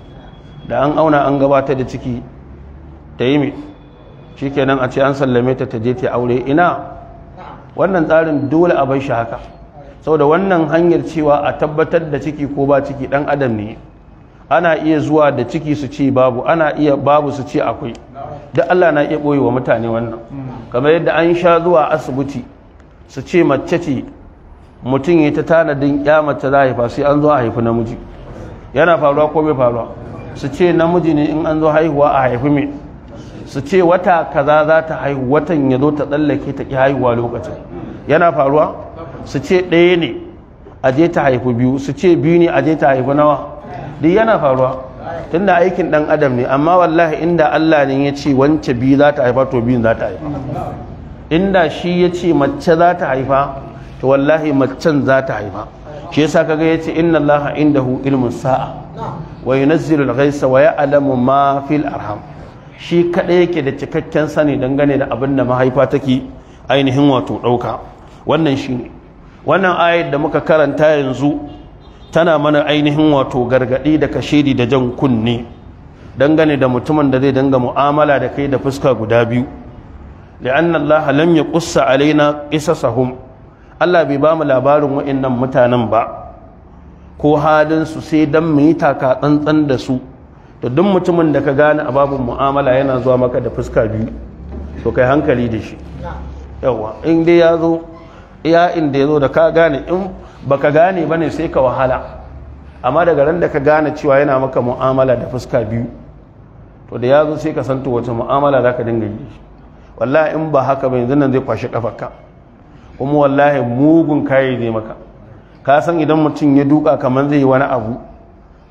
da an auna an gabata da ciki ta yi mai shikenan a ce an sallame ta ta je ta aure ina wannan tsarin dole a bai shi haka sau da wannan hanyar cewa a tabbatar da ciki ko ba ciki dan adam ne ana iya zuwa da ciki su ce babu ana iya babu su ce akwai da Allah na iya boye wa mutane wannan kamar yadda an sha zuwa asibiti su ce mace ce mutum ya ta tanadin ya mace za a haifa sai an zo a haifi namiji yana faruwa ko bai faruwa su ce namiji ne in an zo haihuwa a haifi mai su ce wata kaza za ta haihu watan ya zo ta tsallake ta ki haihuwa lokacin yana faruwa su ce ɗaya ne a je ta haifu biyu su ce biyu ne a je ta haifu nawa duk yana faruwa tunda aikin ɗan adam ne amma wallahi inda Allah ne ya ce wance biyu za ta haifa to biyun za ta haifa inda shi ya ce mace za ta haifa to wallahi macen za ta haifa shi yasa kaga yace inna inda indahu ilmun sa'a wa yunzilu al-ghaysa wa ya'lamu ma fil arham shi kaɗai yake da cikakken sani dangane da abin da mahaifa take ainihin wato ɗauka? wannan shine wannan ayar da muka karanta yanzu tana mana ainihin wato gargadi da kashedi da jan kunne dangane da mutumin da zai danga mu'amala da kai da fuska guda biyu li'anna Allah lam yaqussa alaina qisasahum Allah bai ba mu labarin wa'annan mutanen ba ko halin su sai dan mu yi taka tsantsan da su to duk mutumin da ka gane a babun mu'amala yana zuwa maka da fuska biyu to kai hankali da shi yawa in dai ya zo iya inda ya zo da ka gane in baka gane ba ne sai ka wahala amma daga ran da ka gane cewa yana maka mu'amala da fuska biyu to da ya zo sai ka to wace mu'amala za ka dinga yi wallahi in ba haka ba yanzu nan zai kwashe kafarka kuma wallahi mugun kayi zai maka ka san idan mutum ya duka kamar zai yi wani abu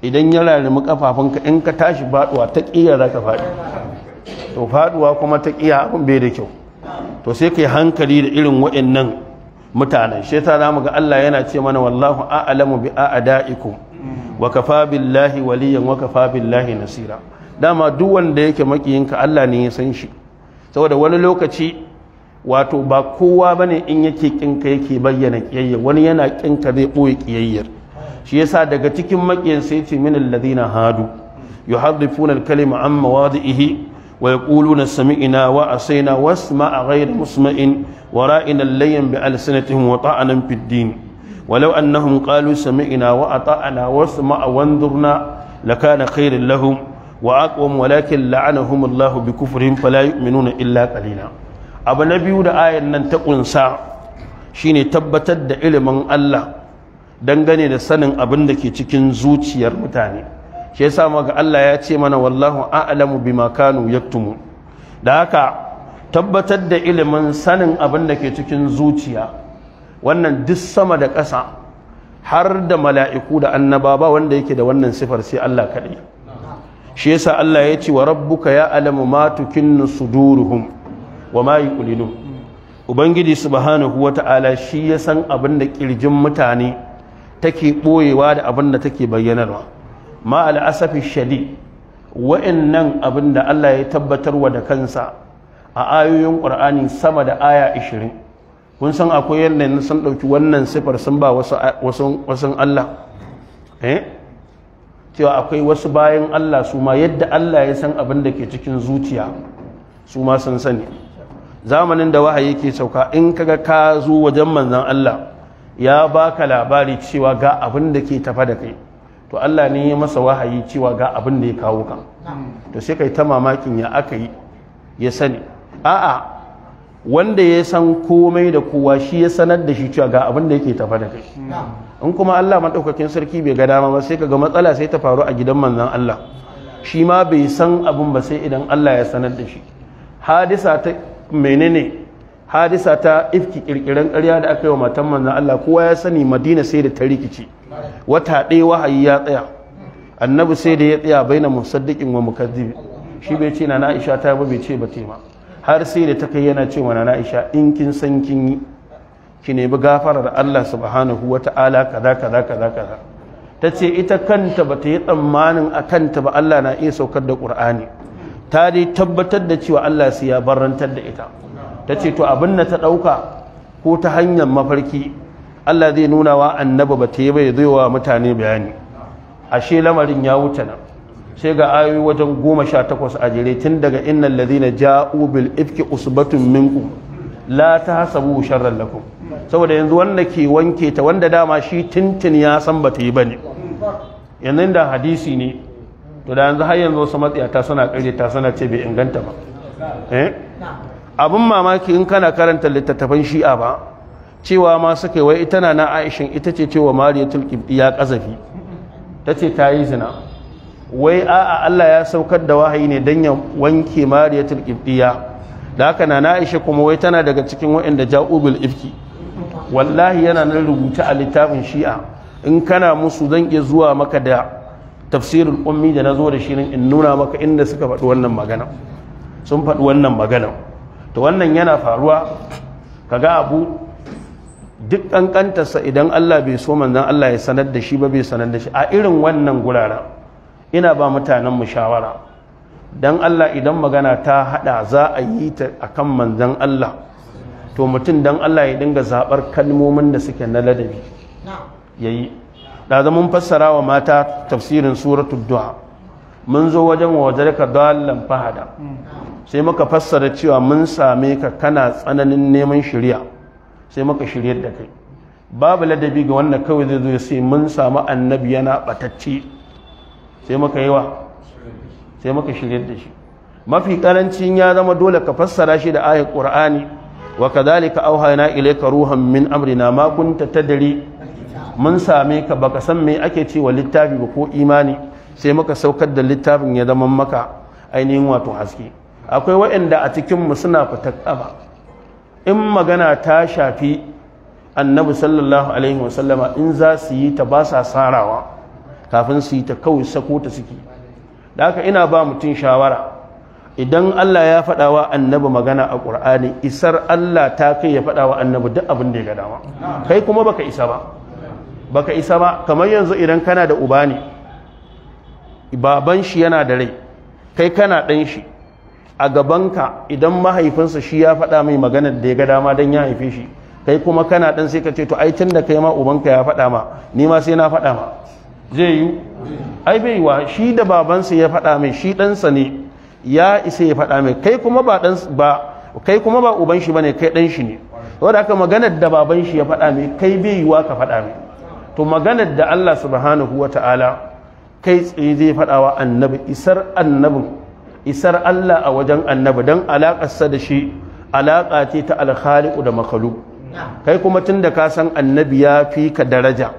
idan ya rarrumi kafafunka in ka tashi faduwa ta ƙiya za ka faɗi to faduwa kuma ta ƙiya abin bai da kyau to sai ka yi hankali da irin waɗannan mutanen shi ta zamu ga Allah yana ce mana wallahu a'lamu bi a'daikum wa kafa billahi waliyan wa kafa billahi nasira dama duk wanda yake makiyinka Allah ne ya san shi saboda wani lokaci wato ba kowa bane in yake kinka yake bayyana kiyayya wani yana kinka zai ɓoye kiyayyar shi yasa daga cikin makiyin sai ce min alladhina hadu yuharrifuna al-kalima an mawadihi ويقولون سمعنا وعصينا واسمع غير مسمع ورائنا اللين بألسنتهم وطعنا في الدين ولو أنهم قالوا سمعنا وأطعنا واسمع وانظرنا لكان خير لهم وأقوم ولكن لعنهم الله بكفرهم فلا يؤمنون إلا قليلا أبا نبي دا آية ننتقل ساعة شيني تبتد إلى من الله دنغني لسنن أبندك تكن زوتي يرمتاني shi yasa maka Allah ya ce mana wallahu a'lamu bima kanu yaktumu da haka tabbatar da ilimin sanin abin da ke cikin zuciya wannan duk sama da ƙasa har da mala'iku da annaba ba wanda yake da wannan sifar sai Allah kaɗai shi yasa Allah ya ce wa rabbuka ya alamu ma tukinnu suduruhum wa ma yuqlinu ubangiji subhanahu wata'ala shi ya san abin da kirjin mutane take ɓoyewa da abin da take bayyanarwa ma al'asafi shadi wa'annan abin da Allah ya tabbatar wa da kansa a ayoyin ƙur'ani sama da aya 20 kun san akwai yadda sun ɗauki wannan sifar sun ba wasu Allah eh? cewa akwai wasu bayan Allah su ma yadda Allah ya san abin da ke cikin zuciya su ma sun sani zamanin da wahayi ke sauka in kaga ka zo wajen manzan Allah ya baka labari cewa ga abin da ke tafa da kai to Allah ne ya masa wahayi cewa ga abin da ya kawo ka to sai kai ta mamakin ya aka yi ya sani a'a wanda ya san komai da kowa shi ya sanar da shi cewa ga abin da yake tafa da kai in kuma Allah madaukakin sarki bai ga dama ba sai kaga matsala sai ta faru a gidan manzon Allah shi ma bai san abin ba sai idan Allah ya sanar da shi hadisa ta menene hadisa ta ifki kirkiran ƙarya da aka yi wa matan manzon Allah kowa ya sani Madina sai da ta rikici wata ɗaya wahayi ya tsaya annabi sai da ya tsaya baina musaddiqin wa mukazzibi shi bai ce na Aisha ta ba bai ce ba tema har sai da ta kai yana cewa na Aisha in kin san kin yi ki nemi gafarar Allah subhanahu wata'ala kaza kaza kaza kaza ta ce ita kanta ba ta yi tsammanin a kanta ba Allah na iya saukar da Qur'ani ta dai tabbatar da cewa Allah sai ya barantar da ita ta ce to abin da ta ɗauka ko ta hanyar mafarki Allah zai nuna wa annaba ba ta yi bai zai wa mutane bayani ashe lamarin ya wuce nan sai ga ayoyi wajen goma sha takwas a jere tun daga innan ladina ja'u bil ifki usbatun Minku. la ta tahsabu sharran lakum saboda yanzu wanda ke wanke ta wanda dama shi tintin ya san ba ta yi bane yanzu da hadisi ne to da yanzu har yanzu wasu ta suna kare ta suna ce bai inganta ba eh? abin mamaki in kana karanta littattafan shi'a ba cewa ma suka yi wai ita na na aishin ita ce cewa mariya tulkibdi ya kazafi ta ce ta yi zina wai a'a Allah ya saukar da wahayi ne don ya wanke mariya tulkibdiya da haka na na aisha kuma wai tana daga cikin waɗanda ja'ubil ifki wallahi yana nan rubuta a littafin shi'a in kana musu zan iya zuwa maka da tafsirin ummi da na zo da shi in nuna maka inda suka faɗi wannan magana sun faɗi wannan magana to wannan yana faruwa kaga abu duk ƙanƙantarsa idan Allah bai so manzan Allah ya sanar da shi ba bai sanar da shi a irin wannan gurara ina ba mutanen mu shawara dan Allah idan magana ta haɗa za a yi ta a kan manzan Allah to mutum dan Allah ya dinga zaɓar kalmomin da suke na ladabi ya yi. da mun fassara wa mata tafsirin suratu du'a mun zo wajen wa wajen ka dallan fahada sai muka fassara cewa mun same ka kana tsananin neman shari'a sai maka shiryar da kai babu ladabi ga wannan kawai zai zo ya sai mun samu annabi yana batacce sai maka yawa sai maka shiryar da shi mafi karancin ya zama dole ka fassara shi da ayat qur'ani wa kadhalika auhayna ilayka ruhan min amrina ma kunta tadri mun same ka baka san me ake cewa littafi ko imani sai muka saukar da littafin ya zama maka ainihin wato haske akwai waɗanda a cikin mu suna fitar in magana ta shafi annabi sallallahu alaihi wasallama in za su yi ta ba sa sarawa kafin su yi ta kawai sako ta suke da haka ina ba mutum shawara idan Allah ya faɗa wa annabi magana a ƙur'ani isar Allah ta kai ya faɗa wa annabi duk abin da ya ga dama kai kuma baka isa ba baka isa ba kamar yanzu idan kana da uba ne baban shi yana da rai kai kana ɗan shi a gabanka idan mahaifinsa shi ya faɗa mai maganar da ya ga dama don ya haife shi kai kuma kana ɗan sai ka ce to aicin da kai ma ubanka ya faɗa ma ni ma sai na faɗa ma zai yi ai bai wa shi da babansa ya faɗa mai shi ɗansa ne ya isa ya faɗa mai kai kuma ba ɗan ba kai kuma ba uban shi bane kai ɗan shi ne saboda haka maganar da baban shi ya faɗa mai kai bai yiwa ka faɗa mai to maganar da Allah subhanahu wata'ala kai tsaye zai wa annabi isar annabin isar Allah a wajen annabi don alaƙarsa da shi alaƙa ce ta alkhaliku da makalu kai kuma tun da ka san annabi ya fi ka daraja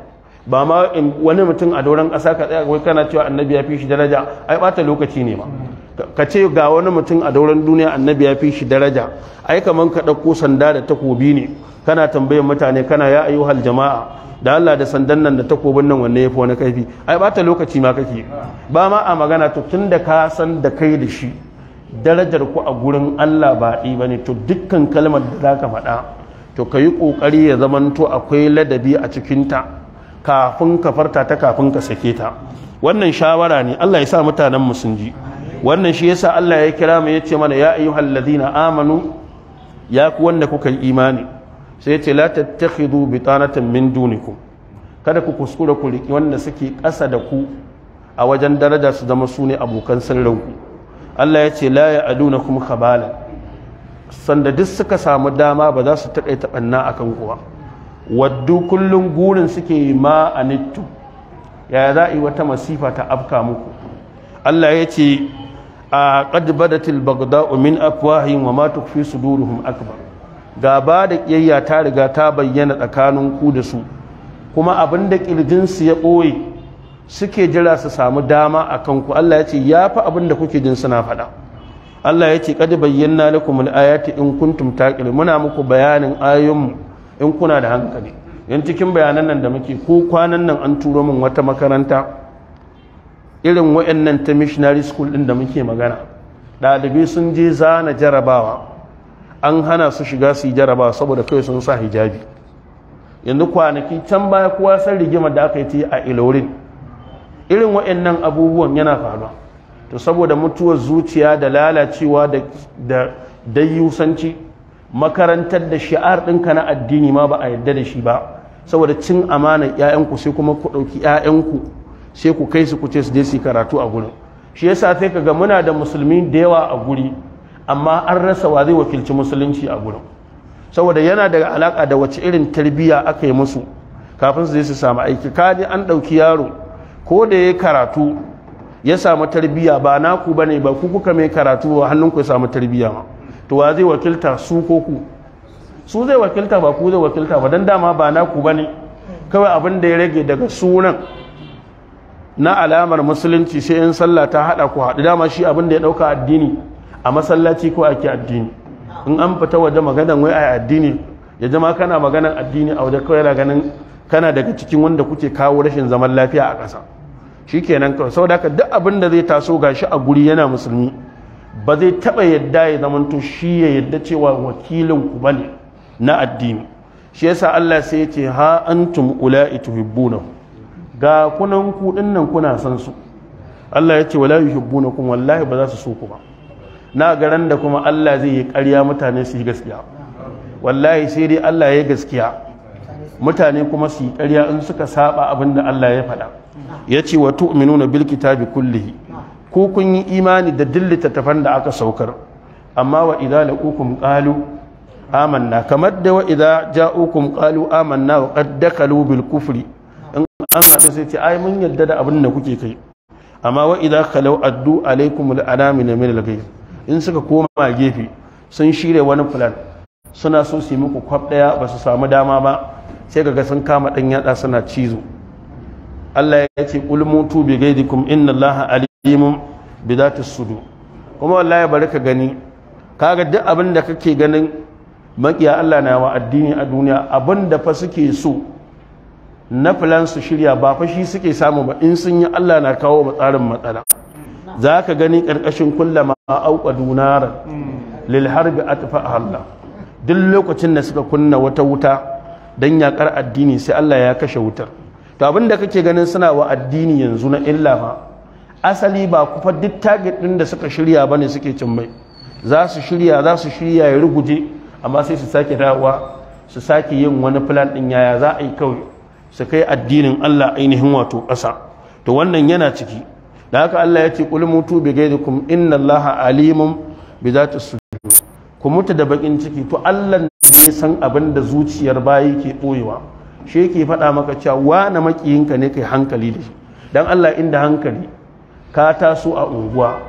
ba ma wani mutum a doron ƙasa ka tsaya kawai kana cewa annabi ya fi shi daraja ai ɓata lokaci ne ma ka ce ga wani mutum a doron duniya annabi ya fi shi daraja ai kamar ka ɗauko sanda da takobi ne kana tambayin mutane kana ya ayyuhal jama'a da Allah da sandan nan da takobin nan wanne ya fi wani kaifi ai ba ta lokaci ma kake ba ma a magana to tun da ka san da kai da shi darajar ku a gurin Allah ba ɗi bane to dukkan kalmar da zaka faɗa to kayi kokari ya zamanto akwai ladabi a cikin ta kafin ka farta ta kafin ka sake ta wannan shawara ne Allah ya sa mutanen mu sun ji wannan shi yasa Allah ya kira mu ya ce mana ya ayyuhal ladina amanu ya ku wanda kuka yi imani sai ce la tattakhidhu bitanatan min dunikum kada ku kuskura ku riki wanda suke ƙasa da ku a wajen daraja su zama su ne abokan sirrinku Allah ya ce la ya'adunakum khabala sanda duk suka samu dama ba za su taƙaita ɓanna akan kuwa waddu kullum gurin suke ma anittu yaya za a yi wata masifa ta afka muku Allah ya ce a qad badatil baghda'u min afwahihim wa ma tukfi suduruhum akbar gaba da ƙiyayya ta riga ta bayyana tsakanin ku da su kuma abin da ƙirjinsu ya ɓoye suke jira su samu dama a kanku Allah ya ce ya fi abin da kuke jin suna faɗa Allah ya ce kada bayyana lakum al-ayati in kuntum taqil muna muku bayanin ayoyinmu in kuna da hankali yan cikin bayanan nan da muke ko kwanan nan an turo min wata makaranta irin wayannan ta missionary school ɗin da muke magana ɗalibai sun je zana jarabawa an hana su shiga su jaraba saboda kai sun sa hijabi yanzu kwanaki can baya kowa san rigimar da aka yi ta a ilorin irin wa'annan abubuwan yana faruwa to saboda mutuwar zuciya da lalacewa da dayusanci makarantar da shi'ar ɗinka na addini ma ba a yadda da shi ba saboda cin amanar 'ya'yanku sai kuma ku ɗauki 'ya'yanku sai ku kai su ku ce su je su karatu a gurin shi yasa sai ga muna da musulmi da yawa a guri amma an rasa wa zai wakilci musulunci a gurin saboda yana daga alaka da wace irin tarbiyya aka yi musu kafin su su samu aiki kaji an ɗauki yaro ko da ya karatu ya samu tarbiyya ba naku ba ne ba ku kuka mai karatu ba hannunku ya samu tarbiyya ma to wa zai wakilta su ko ku su zai wakilta ba ku zai wakilta ba don dama ba naku ba ne kawai abin da ya rage daga sunan na alamar musulunci sai in sallah ta haɗa ku haɗu dama shi abin da ya ɗauka addini a masallaci ko ake addini in an fita waje maganan wai a addini ya jama kana maganan addini a waje kawai ganin kana daga cikin wanda kuke kawo rashin zaman lafiya a ƙasa Shi kenan kawai saboda haka duk abin da zai taso ga gashi a guri yana musulmi ba zai taɓa yadda ya zamanto shi ya yadda cewa wakilin ku ba ne na addini shi yasa Allah sai ya ce ha antum ula'i tuhibbuna ga kunan ku dinnan kuna san su Allah ya ce wala yuhibbunakum wallahi ba za su so ku ba na garan da kuma Allah zai yi ƙarya mutane su yi gaskiya wallahi sai dai Allah ya gaskiya mutane kuma su yi ƙarya in suka saba abin da Allah ya faɗa ya ce wa na bil kitabi kullihi ko kun yi imani da dillita littattafan da aka saukar amma wa idza laqukum qalu amanna kamar da wa idza ja'ukum qalu amanna wa qad dakalu bil kufri in an haɗu sai ce ai mun yarda da abin da kuke kai amma wa idza khalau addu alaikum al min al ghayb in suka koma gefe sun shirya wani plan suna so su yi muku kwaf ɗaya ba su samu dama ba sai ga sun kama ɗan yatsa suna cizo Allah ya ce qul mutu bi ghaidikum inna Allaha alimun bi dhati sudu kuma wallahi bari ka gani kaga duk abin da kake ganin makiya Allah na wa addini a duniya abin da fa suke so na filan su shirya ba fa shi suke samu ba in sun yi Allah na kawo matsarin matsala za ka gani ƙarƙashin kullama auka dunaran lil harbi a Allah duk lokacin da suka kunna wata wuta don yakar addini sai Allah ya kashe wutar to abin da kake ganin suna wa addini yanzu na illa ma asali ba kufa duk target din da suka shirya ba ne suke cin mai za su shirya za su shirya ya ruguje amma sai su sake dawowa su sake yin wani plan din yaya za a yi kawai su kai addinin Allah ainihin wato ƙasa to wannan yana ciki da haka Allah ya ce qul bi gaidi kum inna Allaha alimun bi zati sudur ku mutu da bakin ciki to Allah ne san abin da zuciyar bayi ke ɓoyewa shi yake faɗa maka cewa wa na makiyinka ne kai hankali da shi dan Allah inda hankali ka taso a unguwa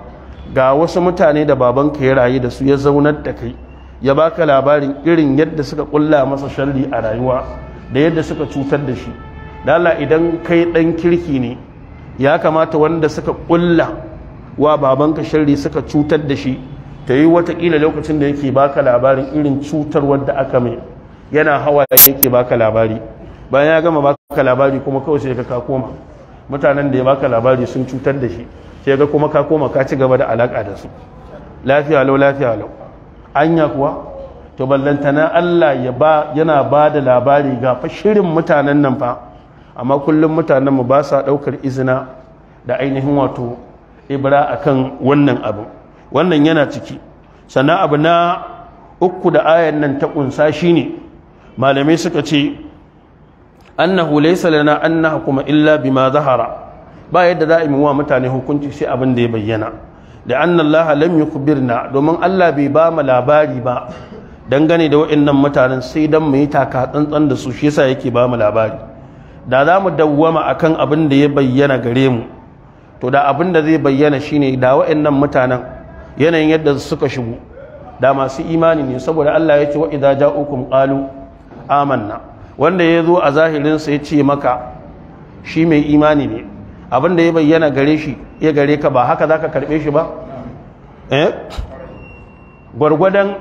ga wasu mutane da babanka ya rayu da su ya zaunar da kai ya baka labarin irin yadda suka kulla masa sharri a rayuwa da yadda suka cutar da shi lala idan kai ɗan kirki ne ya kamata wanda suka kulla wa babanka sharri suka cutar da shi ta yi watakila lokacin da yake baka labarin irin cutar wadda aka mai yana hawa yake baka labari bayan ya gama baka labari kuma kawai sai ka koma mutanen da ya baka labari sun cutar da shi sai ga kuma ka koma ka ci gaba da alaka da su lafiya lau lafiya lau anya kuwa to ballantana Allah ya ba yana ba da labari ga fa shirin mutanen nan fa amma kullum mutanenmu ba sa ɗaukar izina da ainihin wato ibra a kan wannan abu wannan yana ciki sannan abu na uku da ayan nan ta ƙunsa shi ne. malamai suka ce annahu laysa lana an hukuma illa bima zahara ba yadda za a yi wa mutane hukunci sai abin da ya bayyana da annallaha allaha lam birna, domin allah bai ba mu labari ba dangane da waɗannan mutanen sai dan mu yi taka tsantsan da su shi yasa yake ba mu labari da za mu dawwama akan abin da ya bayyana gare mu to da abin da zai bayyana shine da wa'annan mutanen yanayin yadda suka shigo da masu imani ne saboda Allah ya ce wa idza ja'ukum qalu amanna wanda ya zo a zahirin sa ya ce maka shi mai imani ne abin da ya bayyana gare shi ya gare ka ba haka zaka karbe shi ba eh gwargwadon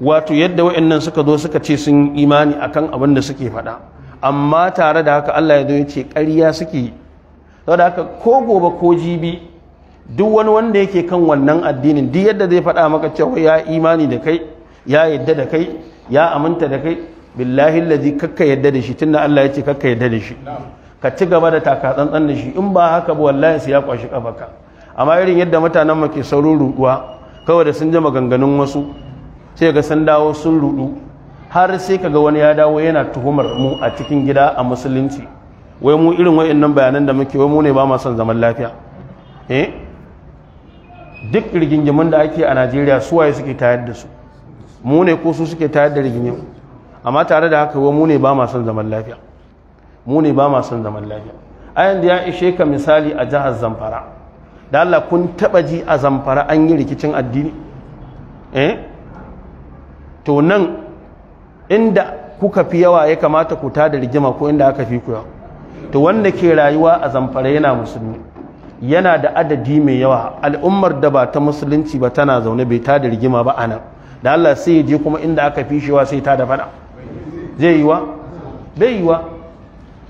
wato yadda wa'annan suka zo suka ce sun imani akan abin da suke faɗa amma tare da haka Allah ya zo ya ce ƙarya suke saboda haka ko gobe ko jibi duk wani wanda yake kan wannan addinin duk yadda zai faɗa maka cewa ya imani da kai ya yadda da kai ya aminta da kai billahi allazi kakka yadda da shi tunda Allah ya ce kakka yadda da shi ka ci gaba da taka tsantsan da shi in ba haka ba wallahi sai ya kwashi kafaka amma irin yadda mutanen mu ke saurin ruduwa kawai da sun ji maganganun wasu sai ga sun dawo sun rudu har sai kaga wani ya dawo yana tuhumar mu a cikin gida a musulunci wai mu irin wa'annan bayanan da muke wai mu ne ba ma son zaman lafiya eh duk rigingimin da ake a Najeriya su waye suke tayar da su mu ne ko su suke tayar da rigingimin amma tare da haka wai mu ne ba ma son zaman lafiya mu ne ba ma son zaman lafiya ayan da ya ishe ka misali a jihar Zamfara da Allah kun taba ji a Zamfara an yi rikicin addini eh to nan inda kuka fi yawa ya kamata ku tada rigima ko inda aka fi ku to wanda ke rayuwa a zamfara yana musulmi yana da adadi mai yawa al'ummar da ba ta musulunci ba tana zaune bai tada rigima ba anan da Allah sai ya je kuma inda aka fi shewa sai tada fada zai yi wa? bai yi wa.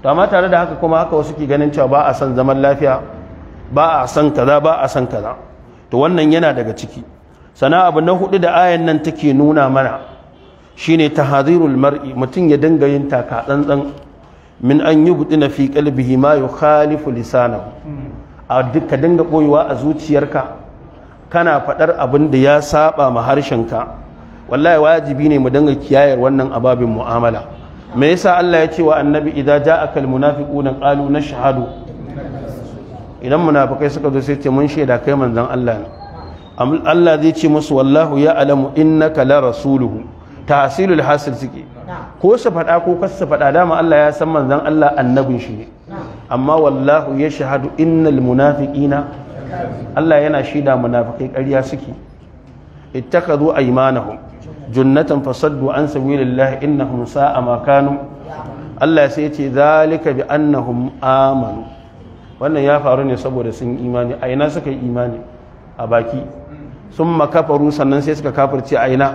to amma tare da haka kuma haka wasu ke ganin cewa ba a san zaman lafiya ba a san kaza ba a san kaza to wannan yana daga ciki sana abu na hudu da ayan nan take nuna mana shine tahadhirul mar'i mutum ya dinga yin taka tsantsan min an na fi qalbihi ma yukhalifu lisanahu a duka dinga boyewa a zuciyarka kana fadar abin da ya saba ma harshenka wallahi wajibi ne mu dinga kiyayar wannan ababin mu'amala me yasa Allah ya ce wa annabi idza ja'aka almunafiquna qalu nashhadu idan munafikai suka zo sai ce mun shaida kai manzon Allah ne Allah zai ce musu wallahu ya alamu innaka la rasuluhu tahsilul hasir suke ko su faɗa ko kasu su faɗa dama Allah ya san manzon Allah annabin shi ne amma wallahu ya shahadu innal munafiqina Allah yana shida munafukai ƙarya suke ittakhadhu aymanahum junnatan fasaddu an sabilillahi innahum sa'a ma kanu Allah sai ya ce zalika bi annahum amanu wannan ya faru ne saboda sun imani a ina suka yi imani a baki sun makafaru sannan sai suka kafirce a ina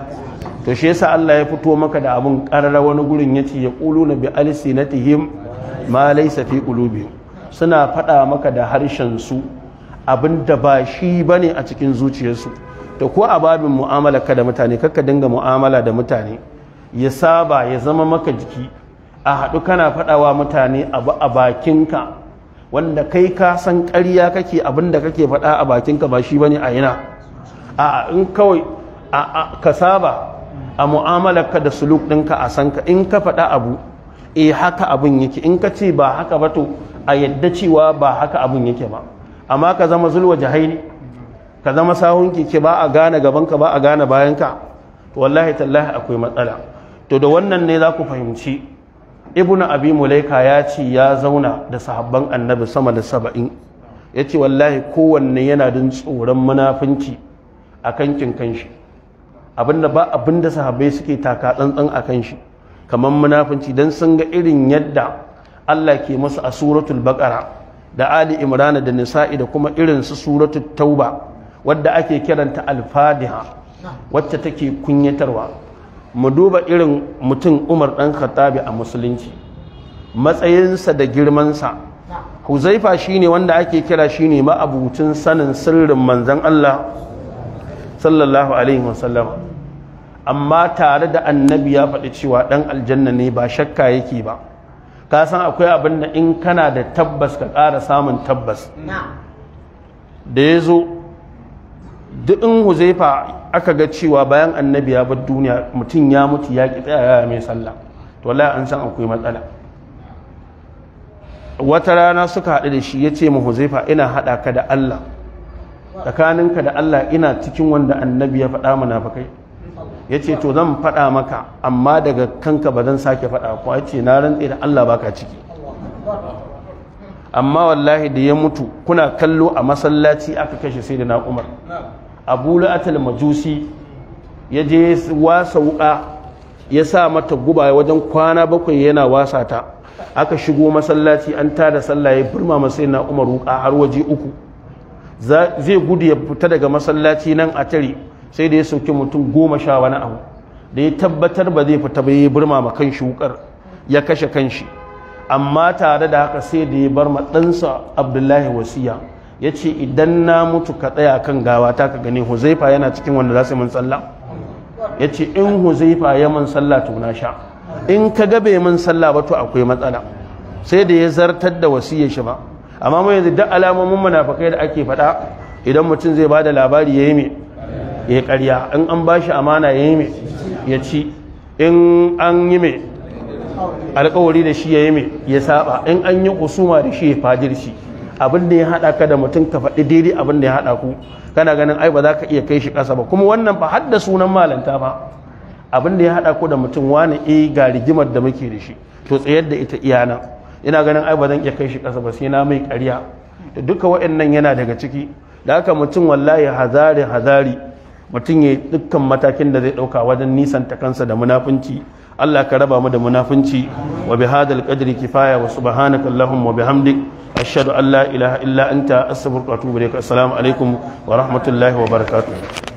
to shi yasa Allah ya fito maka da abin karara wani gurin yace ya na bi alsinatihim ma laysa fi qulubihim suna fada maka da harshen su abin da ba shi bane a cikin zuciyarsu to ko a babin mu'amala ka da mutane kakka dinga mu'amala da mutane ya saba ya zama maka jiki a haɗu kana faɗawa mutane abu a bakinka wanda kai ka san ƙarya kake abin kake fada a bakinka ba shi bane a yana a in kawai ka saba a mu'amalarka da suluk ɗinka a san ka, in ka faɗa abu eh haka abin yake in ka ce ba haka ba to a yadda cewa ba haka abin yake ba amma ka zama zulwa jahili ka zama sahun keke ba a gane gabanka ba a gane bayanka wallahi tallahi akwai matsala to da wannan ne za ku fahimci ibnu abi mulaika ya ce ya zauna da sahabban annabi sama da saba'in ya ce wallahi kowanne yana jin tsoron munafunci a kankin kanshi abinda ba abinda sahabbai suke taka tsantsan a kan shi kamar munafunci don sun ga irin yadda Allah ke masa a suratul baqara da ali imrana da nisa'i da kuma irin su suratul tauba wadda ake kiranta al-fadiha wacce take kunyatarwa mu duba irin mutum Umar dan Khattabi a musulunci matsayinsa da girmansa huzaifa shine wanda ake kira shine ma'abucin sanin sirrin manzon Allah sallallahu alaihi wasallam amma tare da annabi ya faɗi cewa ɗan aljanna ne ba shakka yake ba ka san akwai abin da in kana da tabbas ka ƙara samun tabbas da ya zo duk in huzaifa aka ga cewa bayan annabi ya bar duniya mutum ya mutu ya ƙi tsaya mai sallah to wallahi an san akwai matsala wata rana suka haɗu da shi ya ce ma huzaifa ina haɗa ka da allah tsakaninka da Allah ina cikin wanda annabi ya faɗa munafikai ya ce to zan faɗa maka amma daga kanka ba zan sake faɗa ko ya ce na rantse da Allah baka ciki amma wallahi da ya mutu kuna kallo a masallaci aka kashe sai da na umar abu majusi ya je wasa wuka ya sa mata guba wajen kwana bakwai yana wasa ta aka shigo masallaci an tara sallah ya burma masai na umar wuka har waje uku zai gudu ya fita daga masallaci nan a tare sai da ya sauke mutum goma sha wani abu da ya tabbatar ba zai fita ba ya burma ma kan shi wukar ya kashe kan shi amma tare da haka sai da ya bar ma abdullahi wasiya ya ce idan na mutu ka tsaya kan gawa ta ka gani huzaifa yana cikin wanda za su min sallah ya ce in huzaifa ya min sallah to na sha in ka gabe min sallah ba to akwai matsala sai da ya zartar da wasiyar shi ba amma mu yanzu duk alamomin munafikai da ake faɗa idan mutum zai ba da labari yayi me ya ƙarya in an bashi amana yayi me ya ci in an yi me alƙawari da shi yayi me ya saba in an yi kusuma da shi ya shi abin da ya haɗa ka da mutum ka faɗi daidai abin da ya hada ku kana ganin ai ba za ka iya kai shi kasa ba kuma wannan ba hadda sunan malanta ba abin da ya haɗa ku da mutum wani eh, ga rigimar da muke da shi to tsayar da ita iyana ina ganin ai ba zan iya kai shi kasa ba sai na mai ƙarya to duka waɗannan yana daga ciki da haka mutum wallahi hazari hazari mutum ya dukkan matakin da zai ɗauka wajen nisan ta kansa da munafunci Allah ka raba mu da munafunci wa bi hadal qadri kifaya wa subhanaka allahumma wa bihamdik ashhadu an la ilaha illa anta astaghfiruka wa atubu ilaik assalamu alaikum wa rahmatullahi wa barakatuh